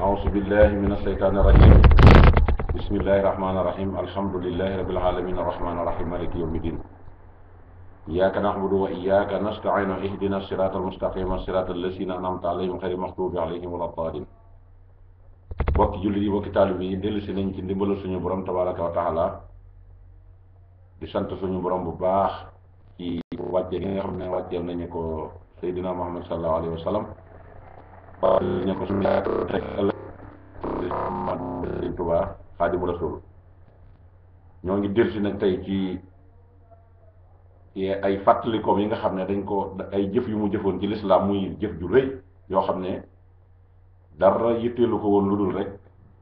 أعوذ بالله من الشيطان الرجيم بسم الله الرحمن الرحيم الحمد لله رب العالمين الرحمن الرحيم مالك يوم الدين إياك نعبد وإياك نستعين اهدنا الصراط المستقيم الصراط الذين أنعمت عليهم غير المغضوب عليهم ولا الضالين bokki jullit yi bokki taalib yi dellusi nañ ci ndimbalu suñu borom tabaraka wa taala di sant suñu borom bu baax ci wàcce gi nga xam ne wàcceel nañu ko Seydina Muhammad sallallahu alayhi wa sallam waaw ñu ko suñu yaakaar rek ëllëg sëñ Tuubaa Xaadimu Rasuul ñoo ngi dellusi nag tey ci ay fàttalikoom yi nga xam ne dañ ko ay jëf yu mu jëfoon ci lislaam muy jëf ju rëy yoo xam ne dara yitteelu ko woon lu dul rek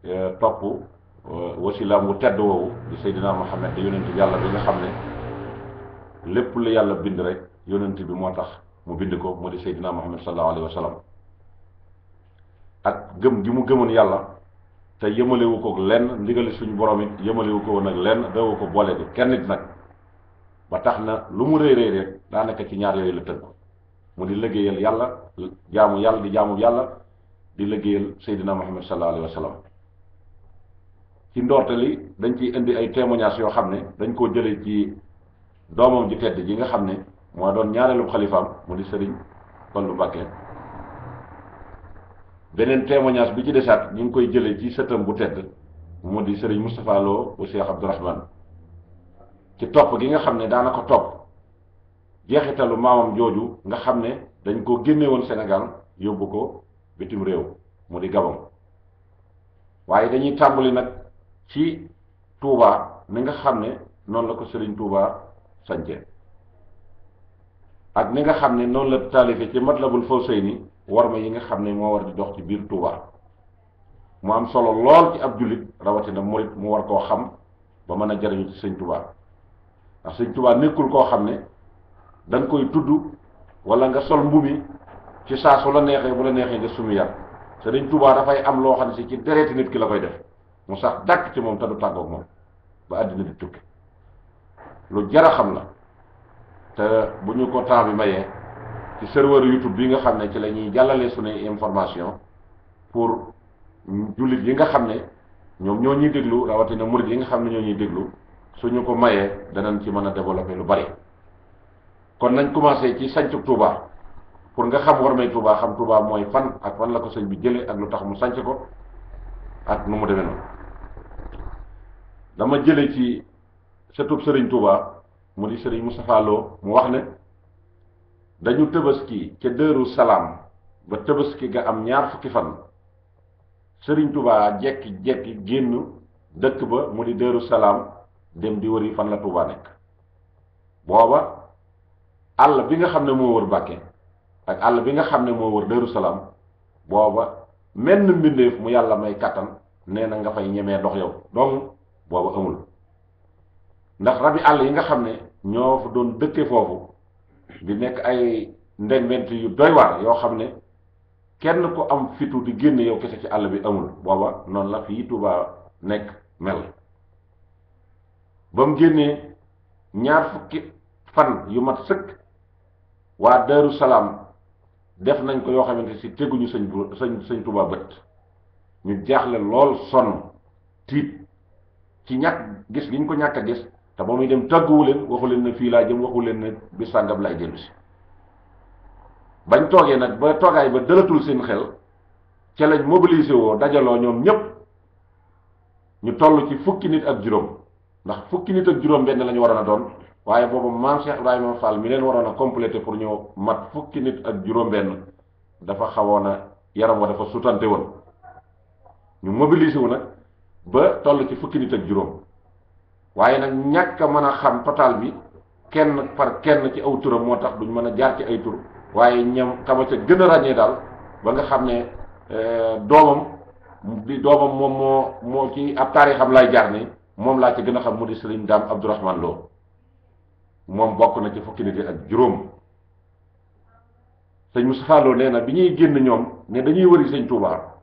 e, topp e, wasilaam wu tedd woowu di Seydina Muhammad da yonent bi yàlla bi nga xam ne lépp lu yàlla bind rek yonent bi moo tax mu bind ko mu di Seydina Muhammad sallallahu alayhi wa ak gëm gi mu gëmoon yàlla te yëmalewu ko lenn ndigali suñu borom it yëmalewu ko woon ak lenn dawu ko boole bi kenn it nag ba tax na lu mu rëy rëy rek daanaka ci ñaar yooyu la tënk mu di liggéeyal yàlla jaamu yàlla di jaamu yàlla di liggéeyal Seydina Muhammad sallallahu alayhi wa ci ci li dañ ci indi ay témoignages yoo xam ne dañ koo jëlee ci doomam ji tedd ji nga xam ne moo doon ñaareelu xalifaam mu di Serigne Fallou Mbacké beneen témoignage bi ci desaat ñu ngi koy jëlee ci sëtam bu tedd moo di sëriñ Moustapha Lo bu Cheikh Abdourahman ci topp gi nga xam ne daana ko topp jeexitalu maamam jooju nga xam ne dañ ko génne woon Sénégal yóbbu ko bitim réew mu di Gabon waaye dañuy tàmbali nag ci Touba ni nga xam ne noonu la ko sëriñ Touba sance ak ni nga xam ne noonu la taalife ci Matlabul Fawsayni warma yi nga xam ne moo war di dox ci biir Touba mu am solo lool ci ab jullit rawatina murit mu war koo xam ba mën a jariñu ci sëñ Touba ndax sëñ Touba nekkul koo xam ne da koy tudd wala nga sol mbubi ci saa la neexee bu la neexee nga sumu yar te dafay am loo xam ne si ci dereeti nit ki la koy def mu sax dàkk ci moom te du tàggoog moom ba àddina di tukki lu jar xam la te bu ñu ko temps bi mayee. ci serveur YouTube bi nga xam ne ci la ñuy su suñuy information pour jullit yi nga xam ne ñoom ñoo ñuy déglu rawatina murid yi nga xam ne ñoo ñuy déglu suñu ko mayee danañ ci mën a développer lu bari kon nañ commencé ci sancu Touba pour nga xam war may Touba xam Touba mooy fan ak fan la ko sëñ bi jëlee ak lu tax mu sanc ko ak nu mu demee noonu dama jëlee ci sëtub sëriñ Touba mu di sëriñ Moustapha Lo mu wax ne. dañu tëbaski ca dëru salaam ba tëbaski ga am ñaar fukki fan sëriñ tubaa jekki jekki génn dëkk ba mu di dëru salaam dem di wëri fan la tubaa nekk booba àll bi nga xam ne moo wër Mbàkke ak àll bi nga xam ne moo wër dëru salaam booba menn mbindeef mu yàlla may kàttan nee na nga fay ñemee dox yow donc booba amul ndax rabi àll yi nga xam ne ñoo fa doon dëkke foofu di nekk ay ndenbent yu doy waar yoo xam ne kenn ku am fitu di génn yow kese ci àll bi amul booba noonu la fii Touba nekk mel ba mu génnee ñaar fukki fan yu mat sëkk waa Daaru Salaam def nañ ko yoo xamante si teguñu sëñ bu sëñ sëñ Touba bët ñu jaaxle lool sonn tiit ci ñàkk gis gi ko ñàkk a gis te ba muy dem tàgguwu leen waxu leen ne fii laa jëm waxu leen ne bi sàngam laay jëlu bañ toogee nag ba toogaay ba dalatul seen xel ca lañ mobilisé woo dajaloo ñoom ñépp ñu toll ci fukki nit ak juróom ndax fukki nit ak juróom benn la ñu waroon a doon waaye boobu maam Cheikh Ibrahima Fall mi leen waroon a complété pour ñu mat fukki nit ak juróom benn dafa xawoon a yaram wa dafa sutante woon ñu mobilisé wu nag ba toll ci fukki nit ak juróom waaye nag ñàkk mën a xam totaal bi kenn par kenn ci aw turam moo tax duñ mën a jaar ci ay tur waaye ñam xama ca gën a ràññee daal ba nga xam ne euh, doomam di doomam moom moo moo ci ab xam lay jaar ni moom laa ci gën a xam mu di sëriñ daam Abdourahman Lo moom bokk na ci fukki nit ak juróom sëñ Moustapha Lo nee na bi ñuy génn ñoom ne dañuy wëri sëñ Touba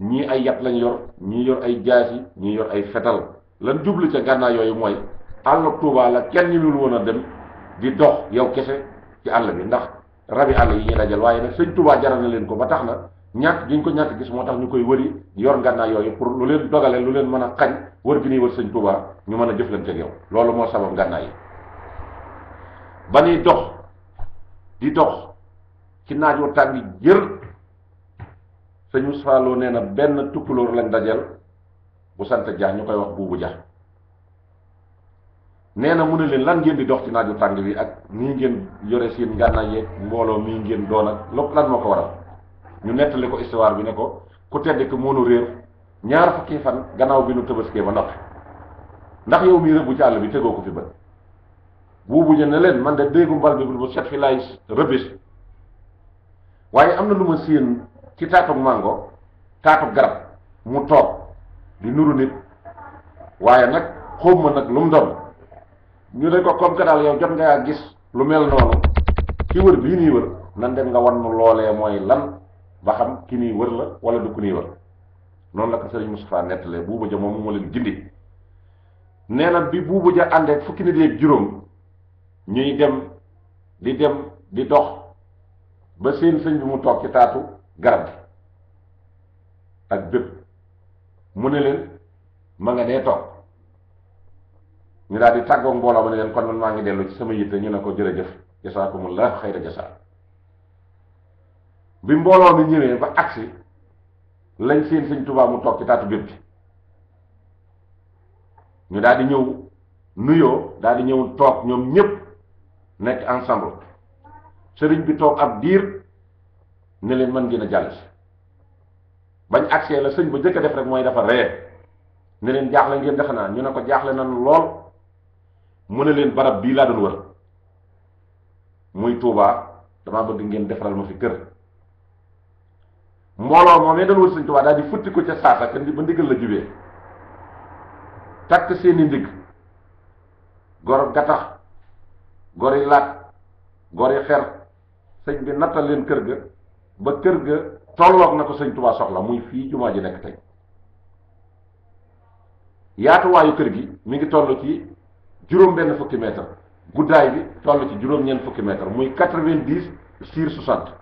ñii ay yat lañ yor ñii yor ay jaasi ñii yor ay fetal lan jublu ca gànnaar yooyu mooy àll Tuuba la kenn ñu lul woon a dem di dox yow kese ci àll bi ndax rabi àll yi ñuy dajal waaye nag sëñ Tuuba jaral na leen ko ba tax na ñàkk gi ñu ko ñàkk gis moo tax ñu koy wëri yor gànnaar yooyu pour lu leen dogale lu leen mën a xañ wër gi ñuy wër sëñ Tuuba ñu mën a jëflante ak yow loolu moo sabab gànnaar yi ba ñuy dox di dox ci naaj wu tàng jër sëñ Moussa Lo nee na benn tukkulóor lañ dajal bu sant Dia ñu koy wax buubu Dia nee na mu ne leen lan ngeen di dox ci naaju tàng bi ak nii ngeen yore seen ngànnaay yeeg mbooloo mii ngeen doon ak lépp lan moo ko waral ñu nettali ko histoire bi ne ko ku tedd ki moo nu réer ñaar fukki fan gannaaw bi nu tëbaskee ba noppi ndax yow mii rëbbu ci àll bi tegoo ko fi bët buubu Dia ne leen man de déggu mbal bi bu set fi laay rëbbis waaye am na lu ma séen ci taatug màngo taatug garab mu toog. di nuru nit waaye nag xawma nag lu mu doon ñu ne ko comme que daal yow jot ngaa gis lu mel noonu ki wër lii nii wër nan nga wan loolee mooy lan ba xam ki nii wër la wala du ku nii wër noonu la ko sëriñ Moustapha nettalee buuba ja moom moo leen gindi nee bi buuba ja àndee fukki nit yeeg juróom ñuy dem di dem di dox ba seen sëñ bi mu toog ci taatu garab ak bépp mu ne leen ma nga dee toog ñu daal di mbooloo ma ne leen kon man maa ngi dellu ci sama yitte ñu ne ko jërëjëf jasaakumullah xayra jasaa bi mbooloo mi ñëwee ba agsi lañ seen sëñ Tuubaa mu toog ci taatu biir bi ñu daal di ñëw nuyoo daal di ñëw toog ñoom ñépp nekk ensemble sëriñ bi toog ab diir ne leen mën ngeen a jàll si bañ agsee la sëñ ba jëkk a def rek mooy dafa ree ne leen jaaxle ngeen defe naa ñu ne ko jaaxle na lool mu ne leen barab bii laa doon wër muy Touba damaa bëgg ngeen defaral ma fi kër mbooloo moomee doon wër sëñ Touba daal di futti ko ca saasa te ba ndigal la jubee takk seeni ndigg gor gattax gor yi laat gor yi xer sëñ bi nattal leen kër ga ba kër ga tolloog na ko sëñ Tuubaa soxla muy fii jumaa ji nekk tey yaatuwaayu kër gi mi ngi toll ci juróom benn fukki mètre guddaay bi toll ci juróom-ñeent fukki mètre muy quatre vingt soixante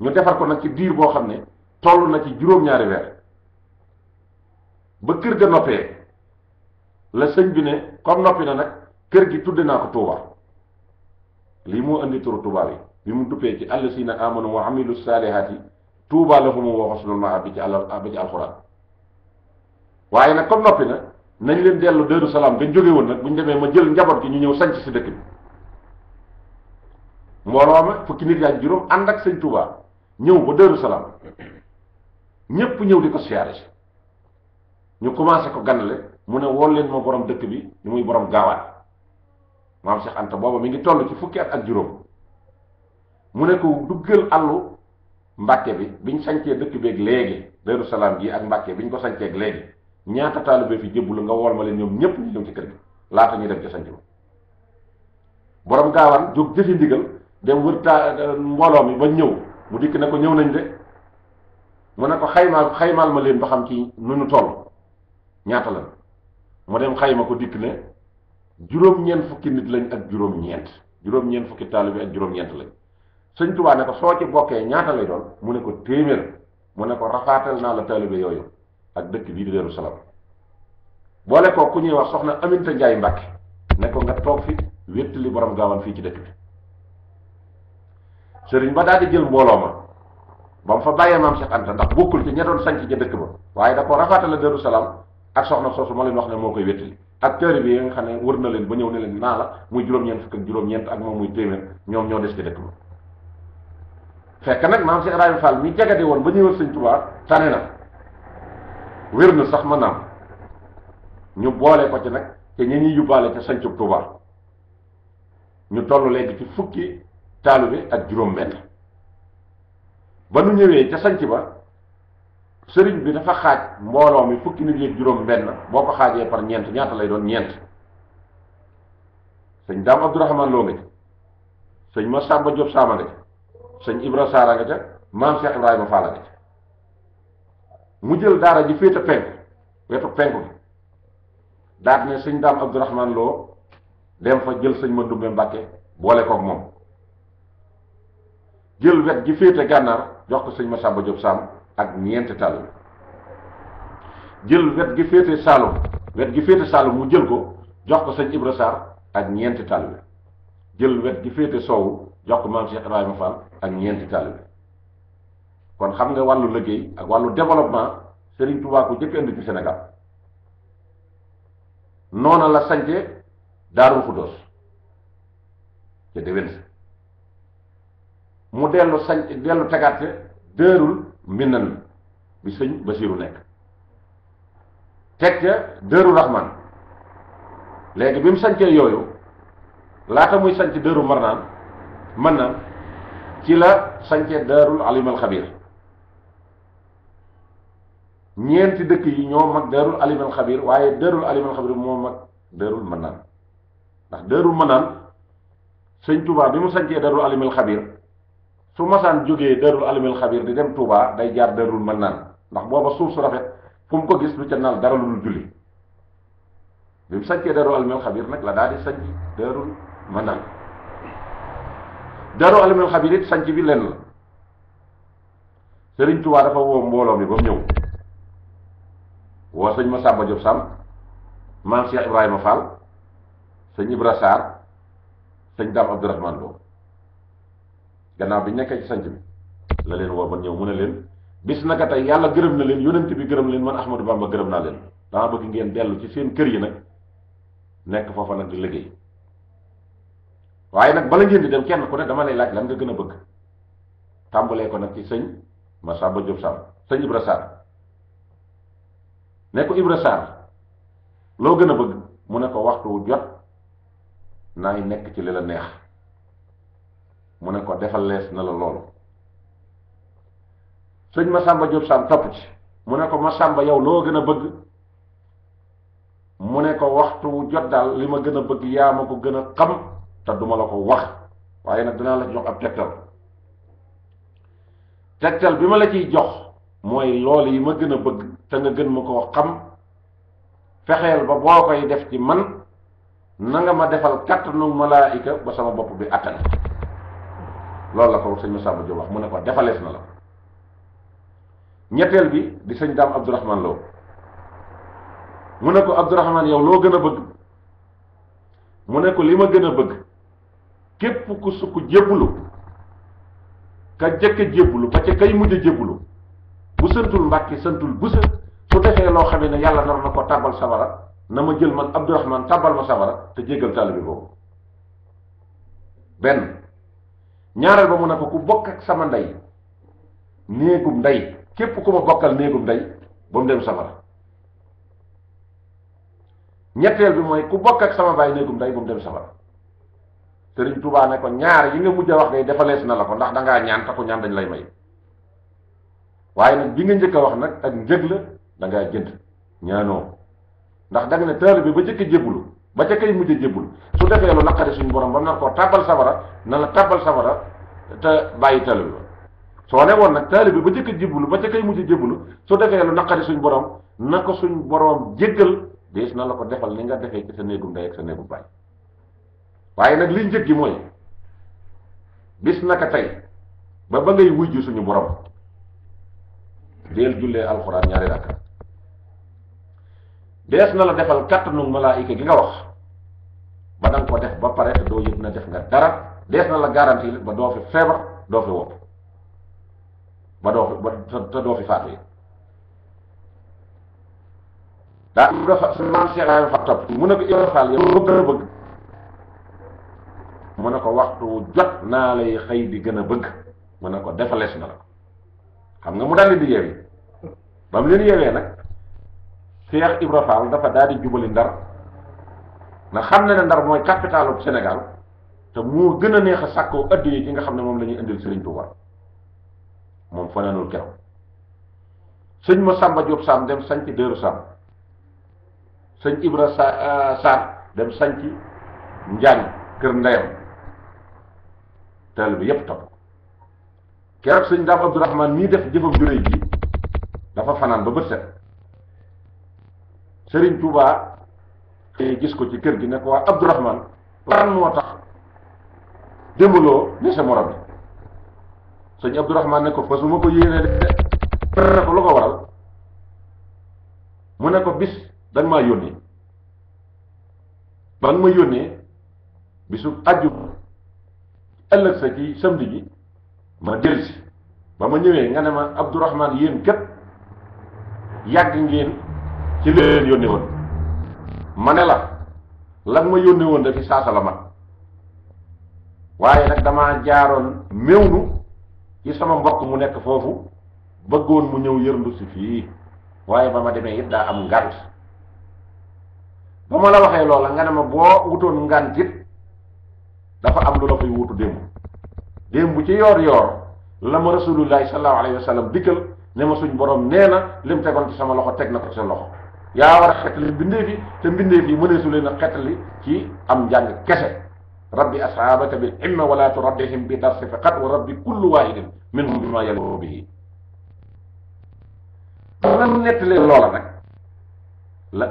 ñu defar ko nag ci diir boo xam ne toll na ci juróom-ñaari weer ba kër ga noppee la sëñ bi ne comme noppi na nag kër gi tudd naa ko Touba lii moo indi turu Touba bi bi mu duppee ci allasina amanu wa amilu saalihaati tuuba lahum wa husnul maab bi ci àll bi ci alxuraan waaye nag comme noppi nañ leen dellu Daaru Salaam nga jóge woon nag bu ñu ma jël njaboot gi ñu ñëw sanc si dëkk juróom ànd ak sëñ ñëw ba Daaru Salaam ñëw di ko siyaare ñu commencé ko ganale mu ne wool leen ma borom dëkk bi ni muy borom gaawaan maam Cheikh Anta booba mi ngi toll ci fukki at ak juróom mu ne ko duggal àllu mbàkke bi biñ sancee dëkk beeg léegi Daaru Salaam gi ak mbàkke biñ ko sancee ak léegi ñaata taalibe fi jébbalu nga wool ma leen ñoom ñépp ñu ñëw ci kër gi laata ñu dem ci sanc ba borom gaawaan jóg jëfi ndigal dem wër ta mbooloo mi ba ñëw mu dikk ne ko ñëw nañ de mu ne ko xaymaal xaymaal ma leen ba xam ci nu nu toll ñaata la mu dem xayma ko dikk ne juróom-ñeent fukki nit lañ ak juróom-ñeent juróom-ñeent fukki taalibe ak juróom-ñeent lañ sëñ Tuubaa ne ko soo ci bokkee ñaata lay doon mu ne ko téeméer mu ne ko rafaatal naa la taalibe yooyu ak dëkk bii di Daaru Salaam boole ko ku ñuy wax soxna Aminta Njaay Mbàkke ne ko nga toog fi wéttali borom gaawaan fii ci dëkk bi sëriñ ba daal di jël mbooloo ma ba mu fa bàyyee maam Cheikh Anta ndax bokkul ci ña doon sanc ca dëkk ba waaye da ko rafaatal la Daaru Salaam ak soxna soosu ma leen wax ne moo koy wéttali ak taalibe yi nga xam ne wër na leen ba ñëw ne naa la muy juróom-ñeent fukk ak juróom ak moom muy ñoom ñoo des ca fekk nag maam si Ibrahima Fall mi jagate woon ba ñëwal sëñ Tuubaa tane na wér na sax maanaam ñu boole ko ci nag te ñi ñuy yóbbaale ca sañcub Tuubaa ñu toll léegi ci fukki taalibe ak juróom-benn ba nu ñëwee ca sañc ba sëriñ bi dafa xaaj mbooloo mi fukki nit yeeg juróom-benn boo ko xaajee par ñeent ñaata lay doon ñeent sëñ Daam Abdourahman loo nga ci sëñ Ma Sàmba Jóob Saama nga sëñ Ibra Saara nga ca maam Cheikh Ibrahima Fall nga mu jël daara ji féete penku wetu penku bi daat ne sëñ Daam Abdourahman Lo dem fa jël sëñ Mandumbe Mbàkke boole koog moom jël wet ji féete gànnaar jox ko ma Masamba Diop Sam ak ñeenti tàll jël wet gi féete Saalum wet gi féete Saalum mu jël ko jox ko sañ Ibra Sarr ak ñeenti tàll jël wet gi féete soowu jox ko maam Cheikh Ibrahima Fall ak ñeenti taalibe kon xam nga wàllu liggéey ak wàllu développement Serigne Touba ko jëkk indi ci Sénégal noona la sance Daarul Xuddoos ca déwén sa mu dellu sanc dellu tegaat ca dërul Minan bi sëñ Basiiru nekk teg ca dërul Rahman léegi bi mu yooyu laata muy sanc dëru Marnaan mën na ci la sance daarul alimal xabir ñeenti dëkk yi ñoo mag daarul alimal xabir waaye daarul alimal xabir moo mag daarul manaan ndax daarul manaan sëñ Touba bi mu sancee daarul alimal xabir su masaan jógee daarul alimal xabir di dem Touba day jaar daarul manaan ndax booba suuf su rafet fu mu ko gis lu ca naal dara lu dul julli bi mu sancee daarul alimal xabir nag la daal di sanc daarul manaan Daaru Alimul Xabiir it sanc bi lenn la Sëriñ Tuubaa dafa woo mbooloo mi ba mu ñëw woo sëñ Masamba Diop Samb maam Cheikh Ibrahima Fall sëñ Ibra Sarr sëñ Dame Abdourahmane Lo gannaaw bi nekkee ci sanc bi la leen woo ba ñëw mu ne leen bis naka tey yàlla gërëm na leen yonent bi gërëm leen man Ahmadou Bamba gërëm naa leen dama bëgg ngeen dellu ci seen kër yi nag nekk foofa nag di liggéey waaye nag bala ngeen dem kenn ku ne dama lay laaj lan nga gën a bëgg tàmbalee ko nag ci sëñ ma Diop Sarr sëñ Ibra Sarr ne ko Ibra Sarr gën a ne ko waxtu wu jot naay nekk ci li neex mu ne ko defal lees na la loolu sëñ Massamba Diop Sarr topp ci mu ne ko yow loo gën a bëgg mu ne ko waxtu wu jot daal li ma gën a bëgg yaa ma ko gën a xam te duma la ko wax waaye nag dinaa la jox ab tegtal tegtal bi ma la ciy jox mooy lool yi ma gën a bëgg te nga gën ma ko xam fexeel ba boo koy def ci man na ma defal kattanu malaayika ba sama bopp bi attan loolu la ko sëñ Massamba Diop wax mu ne ko defalees na la ñetteel bi di sëñ Daam Abdourahman Lo mu ne ko Abdourahman yow loo gën a bëgg mu ne ko li ma gën a bëgg képp ku sukk jébbalu ka jëkk a jébbalu kay mujj a bu santul mbàkke santul bu sant su defee loo xamee ne yàlla nar na ko tàbbal sabara na ma jël man abdourahman tàbbal ma sabara te jéggal taalibe boobu benn ñaareel ba mu ne ko ku bokk ak sama ndey néegum ndey képp ku ma bokkal néegum ndey ba mu dem safara ñetteel bi mooy ku bokk ak sama baay néegum ndey ba mu dem safara sëriñ Touba ne ko ñaar yi nga mujj a wax day defalees na la ko ndax da ngaa ñaan taxu ñaan dañ lay may waaye nag bi nga njëkk a wax nag ak njëg la dangaa ngaa jënd ñaanoo ndax da ne taal bi ba njëkk a jébbalu ba ca kay mujj a lu suñu borom ba mu koo tàbbal safara na la tàbbal safara te bàyyi taal bi soo ne woon bi ba njëkk a ba ca kay mujj a jébbalu su defee lu naqari suñu borom na ko suñu borom jéggal dees na la ko defal li nga defee ci sa néegum ndey ak sa néegum baay. waaye nag li njëkk gi mooy bis naka tey ba ba ngay wujju suñu borom deel jullee alxuraan ñaari rakka dees na la defal kattanu malaayika gi nga wax ba danga ko def ba pare te doo yëg na def nga dara dees na la garanti ba doo fi feebar doo fi wopp ba doo fi ba te doo fi faatu yi daa dafa su maam Cheikh Ibrahima Fall topp mu ne ko Ibrahima Fall yow bëgg a bëgg mu ne ko waxtu jot naa lay xëy di gën a bëgg mu ne ko defalees na la ko xam nga mu daal di yeewi ba mu leen yeewee nag Cheikh Ibra Fall dafa daal di jubali ndar na xam ne ne ndar mooy capitalu Sénégal te moo gën a neex a sàkkoo addi yi nga xam ne moom lañuy ñuy indil Serigne Touba moom fanaanul keroog sëñ ma Samba Diop Sam dem sanc Dëru Sam sëñ Ibra Sa euh, Sarr dem sanc Njaañ kër ndeyam teel bi yépp topp keroog sëñ Daam Abdourahman mii def jëfam juréy ji dafa fanaan ba bët set Sëriñ Tuubaa gis ko ci kër gi ne ko waa Abdourahman lan moo tax démbaloo ne sa morom bi sëñ ne ko fa su ma ko yéenee de ne ko lu ko waral mu ne ko bis danga maa yónnee ba nga ma yónnee bisu àjjuma ëllëg sa ci samedi ji ma dellu si ba ma ñëwee nga ne ma Abdourahmane yéen képp yàgg ngeen ci leen yónnee woon ma ne la lan ma yónnee woon dafi saasa la mat waaye nag damaa jaaroon méwnu ci sama mbokk mu nekk foofu bëggoon mu ñëw yërndu si fii waaye ba ma demee it daa am ngant ba ma la waxee loola nga ne ma boo wutoon ngant dafa am lu la fay wuutu démb démb ci yoor-yoor la ma rasulullahi sallallahu alayhi wa sallam dikkal ne ma suñ borom nee na lim tegoon ci sama loxo teg na ko ci sa loxo yaa war a xetali mbindeef yi te mbindeef yi mëneesu leen a xetali ci am njàng kese rabbi asxaabaka bil imma wala turaddihim bi darsi faqat wa rabbi kullu waahidin minhum bima yaliqu bihi nam nettalee loola nag la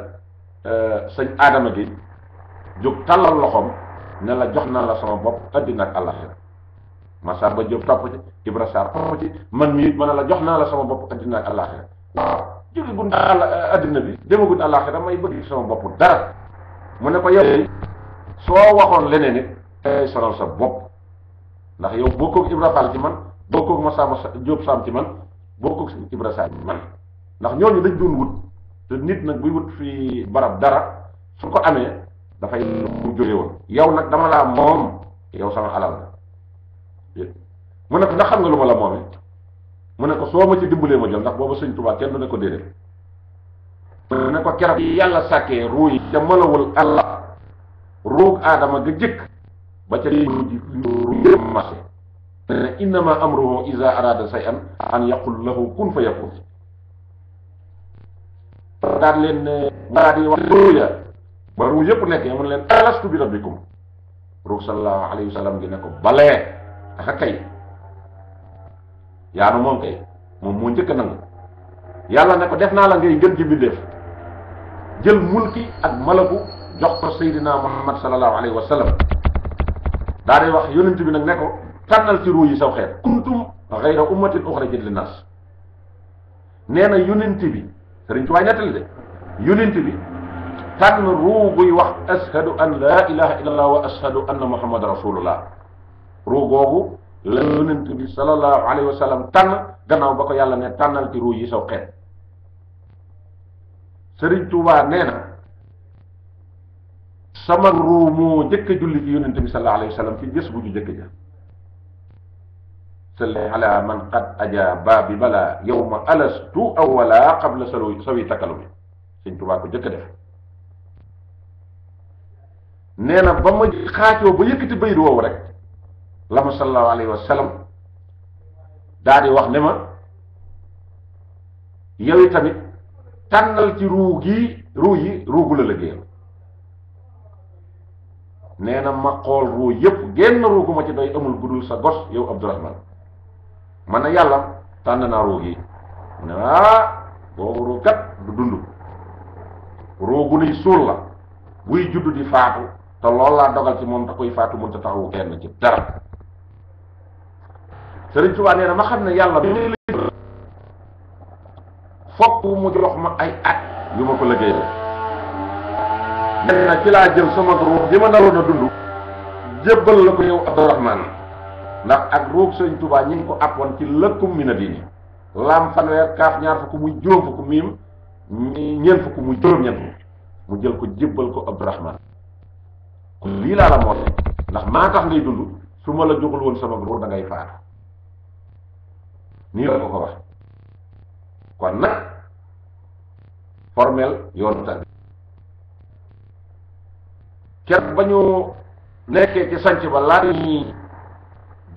euh, sëñ aadama gi jóg tàllal loxoom ne la jox naa la sama bopp addina ak ma Massamba Diop topp ci Ibra man mii ma ne la jox naa la sama bopp addina ak àllaxira waaw jógagul eh, addina bi demagul àllaxira may bëgg sama bopp dara mu ne ko yow soo waxoon leneen it tey sa bopp ndax yow bokkoog Ibra Fall ci man ma Massamba Diop Sam ci man bokkoog Ibra Sarr man ndax ñooñu dañ doon wut te nit nag buy wut fii barab dara su ko amee. dafay ku jóge woon yow nag dama laa moom yow sama alal la mu ne ko xam nga lu ma la moomee mu ne ko ma ci dimbalee ma jël ndax booba sëñ Tuubaa kenn du ne ko déedéet mu ne ko keroog yàlla sàkkee ruu yi ca malawul allah ruug aadama ga ba ca mujj ruu marché ne innama amruhu iza arada shay'an an yaqul lahu kun fa yakun daal leen ne daal di wax ba ruu yëpp nekk ya mën leen alastu bi rabbikum ruu sallallahu alayhi wa sallam gi ne ko balee aka kay moom kay moom moo njëkk nangu yàlla ne ko def naa la ngay gën ji mbindéef jël mulki ak malaku jox ko Seydina Muhammad sallallahu alayhi wa sallam daa di wax yonent bi nag ne ko tànnal ci ruu yi saw xeet kuntum xayra ummatin uxrajat linnaas nee na yonent bi sëriñ ci waay nettali de yonent bi tànn ruu buy wax ashadu an laa ilaha illallah wa ashadu anna muhammad rasulullah ruu googu la yonent bi sallallahu alayhi wa sallam tànn gannaaw ba ko yàlla ne tànnal ci ruu yi saw xeet Sëriñ Tuubaa nee na sama ruu moo jëkk a julli ci yonent bi sallallahu alayhi wa sallam ci gës bu ñu jëkk ja salli ala man qad aja baabi bala yowma alastu awwala qabla sawi takalumi Sëriñ Tuubaa ko jëkk def nee na ba ma xaacoo ba yëkkati bayit woowu rek la ma sallallahu alayhi wa sallam wax ne ma yow tamit tànnal ci ruu ruu yi ruugu la liggéeyal nee na ma xool ruu yëpp génn ruugu ma ci doy amul gudul sa gos yow Abdourahman man na yàlla tànn naa ruu gii mu ne ah boobu ruu kat du dund ruu gu nuy la buy juddu di te loolu laa dogal ci moom te koy faatu mënut a taxawu kenn ci dara Sëriñ Tuubaa nee na ma xam ne yàlla bi muy liggéey fokk jël sama ruux bi ma naroon a dund jébbal la ko yow Abdourahman ndax ak ruux Sëriñ Tuubaa ñi ngi ko àppoon ci lëkkum mi na diini laam fanweer kaaf ñaar fukk muy juróom fukk miim ñeent fukk muy juróom-ñeent mu jël ko jébbal ko Abdourahman kon lii laa la moose ndax maa tax ngay dund su ma la joxul woon sama ruur da ngay faatu nii la ko ko wax kon nag formel yoonu tànn kenn ba ñu nekkee ci sanc ba laata ñuy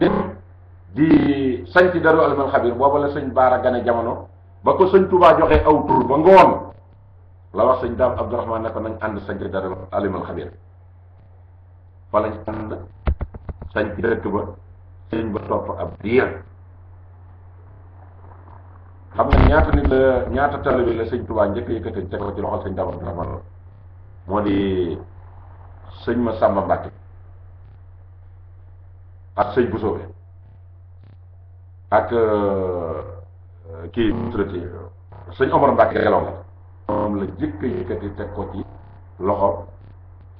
dem di sanc daru almal xabir booba la sëñ baara gane jamono ba ko sëñ tubaa joxe aw tur ba ngoon la wax sëñ daam abdourahman ne ko nañ ànd sanc daru almal xabir fa lañ ànd sañ ci dëkk ba sëñ ba topp ab diir xam nga ñaata nit la ñaata taalibe la sëñ Tuubaa njëkk yëkkati teg ko ci loxol sëñ Daba Dramane moo di sëñ ma Sàmba Mbàkke ak sëñ bu soobee ak euh, kii traité sëñ Omar Mbàkke geloon la moom la njëkk yëkkati teg ko ci loxo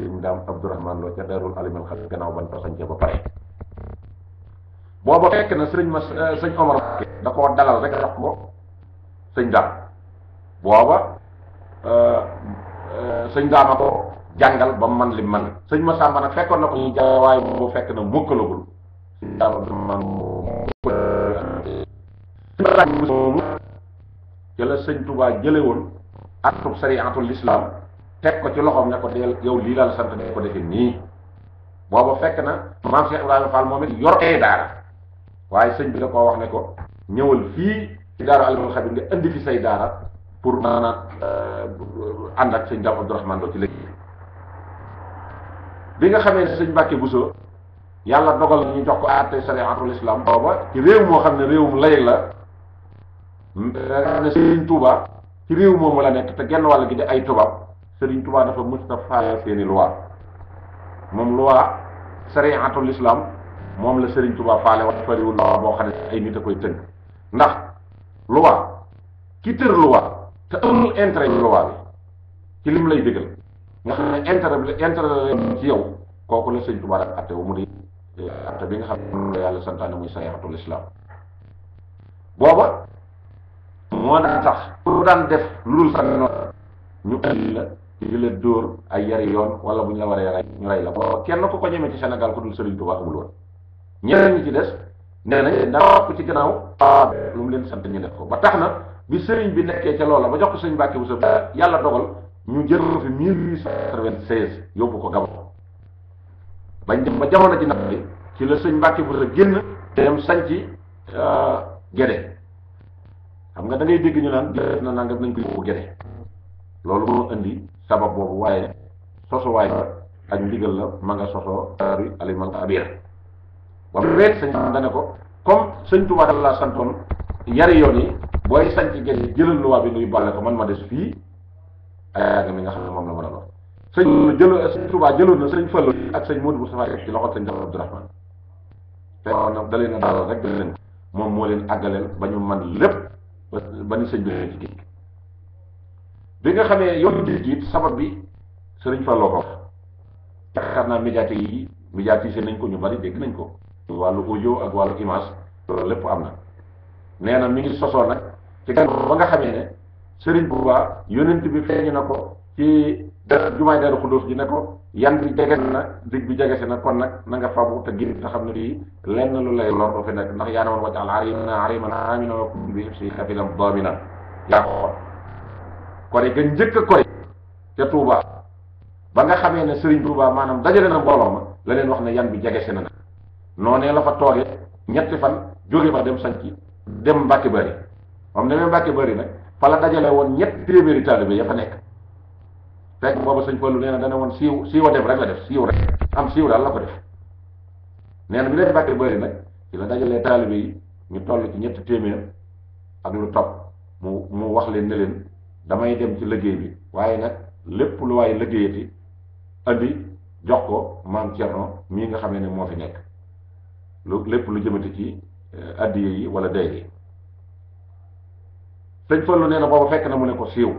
mu daam Abdourahmane Lo ca darul alimal xam gannaaw ban ko sañcee ba pare booba fekk na sëriñ ma sëñ Omar da koo dalal rek tax ko sëñ daam booba euh, euh, sëñ daam a jàngal ba man li man sëñ ma sàmba nag fekkoon na ko ñu jàngal waaye mu fekk na mukkalagul sëñ daam Abdourahmane Lo ca la sëñ Touba jële woon ak tub sariatul teg ko ci loxoom ne ko deel yow lii daal sant ne ko defee nii booba fekk na maam Cheikh Ibrahima Fall moom it yor ay daara waaye sëñ bi da koo wax ne ko ñëwal fii ci daara Alimul Xabir nga indi fi say daara pour maanaam euh, ànd ak sëñ Dame Abdourahmane Lo ci léegi bi nga xamee ne sëñ bu Buso yàlla dogal ñu jox ko àtte sariatul islam booba ci réew moo xam ne réewum lay la ne euh, sëñ Tuuba ci réew moomu la nekk te genn wàll gi di ay tubaab Serigne tubaa dafa mustafa seeni loi moom la Serigne Touba faale wax fariwul ay bi ci lim lay dëggal nga xam ne intérêt intérêt ci yow kooku la Serigne Touba dafa àtte mu bi nga xam ne yàlla santaane muy sariatul islam booba moo daan tax pour daan def lu dul sa noonu la di la dóor ay yari yoon wala bu ñu la waree rey ñu rey la ko kenn ku ko ñemee ci Sénégal ku dul Serigne Touba amul woon ñeneen ñi ci des nee nañ daa ci gannaaw ah, lu mu leen sant ñu def ko ba tax na bi Serigne bi nekkee ca loola ba jox ko Serigne Mbacke Bousso yàlla dogal ñu jël fi 1896 yóbbu ko Gabon bañ dem ba jamono ji nag bi ci la Serigne Mbacke Bousso génn dem sanci ah, Guédé xam nga da ngay dégg ñu naan na nangam nañ ko yóbbu Guédé loolu moo indi sabab boobu waaye sosuwaay ak ndigal la ma nga sosoo ari alimal abir ba mu weet sañ dane ko comme sëñ Tuubaa la santoon yari yoon yi booy sanc gen ko man ma des fii ayaga mi nga xam ne moom la war a doon sëñ jëlo sëñ Tuubaa jëloon na sëñ Fallu ak sëñ Moodu Mustafaa ci loxo sëñ Daam Abdurahmaan te nag da a daal rek moom moo leen àggaleel ba ñu man lépp ba ni sëñ bi ci géej li nga xamee yoon bi jiit sabab bi sëriñ Fallou Xof yaakaar naa médiatique yi médiatisé nañ ko ñu bari dégg nañ ko wàllu audio ak wàllu image loolu lépp am na nee na mi ngi sosoo nag ci gan ba nga xamee ne sëriñ Buuba yonent bi feeñu na ko ci dara jumaay Daaru Xudóos ji ne ko yan bi jege na dig bi jege na kon nag na nga fabu te gir te xam ne bii lenn lu lay lor ba ndax yaa na woon wàcc al arima arima amina wa kun bi si xafilam domina yaa kore gën jëkk a ca Touba ba nga xamee ne Serigne Touba maanaam dajale na mbooloo ma la leen wax ne yan bi jege si na noonu ne la fa toogee ñetti fan jóge fa dem sañ sanc dem Mbàkke Bari moom demee Mbàkke Bari nag fa la dajale woon ñetti téeméeri taalibe ya fa nekk fekk booba sëñ Fallu nee na dana woon siiw siiwa dem rek la def siiw rek am siiw daal la ko def nee na bi leen Mbàkke Bari nag ci la dajalee taalibe yi ñu toll ci ñetti téeméer ak lu topp mu mu wax leen ne damay dem ci liggéey bi waaye nag lépp lu waay liggéeyati andi jox ko maam Thierno mii nga xam ne moo fi nekk lu lépp lu jëmati ci eh, addiya yi wala day yi sëñ Fallu nee na booba fekk na mu ne ko siiw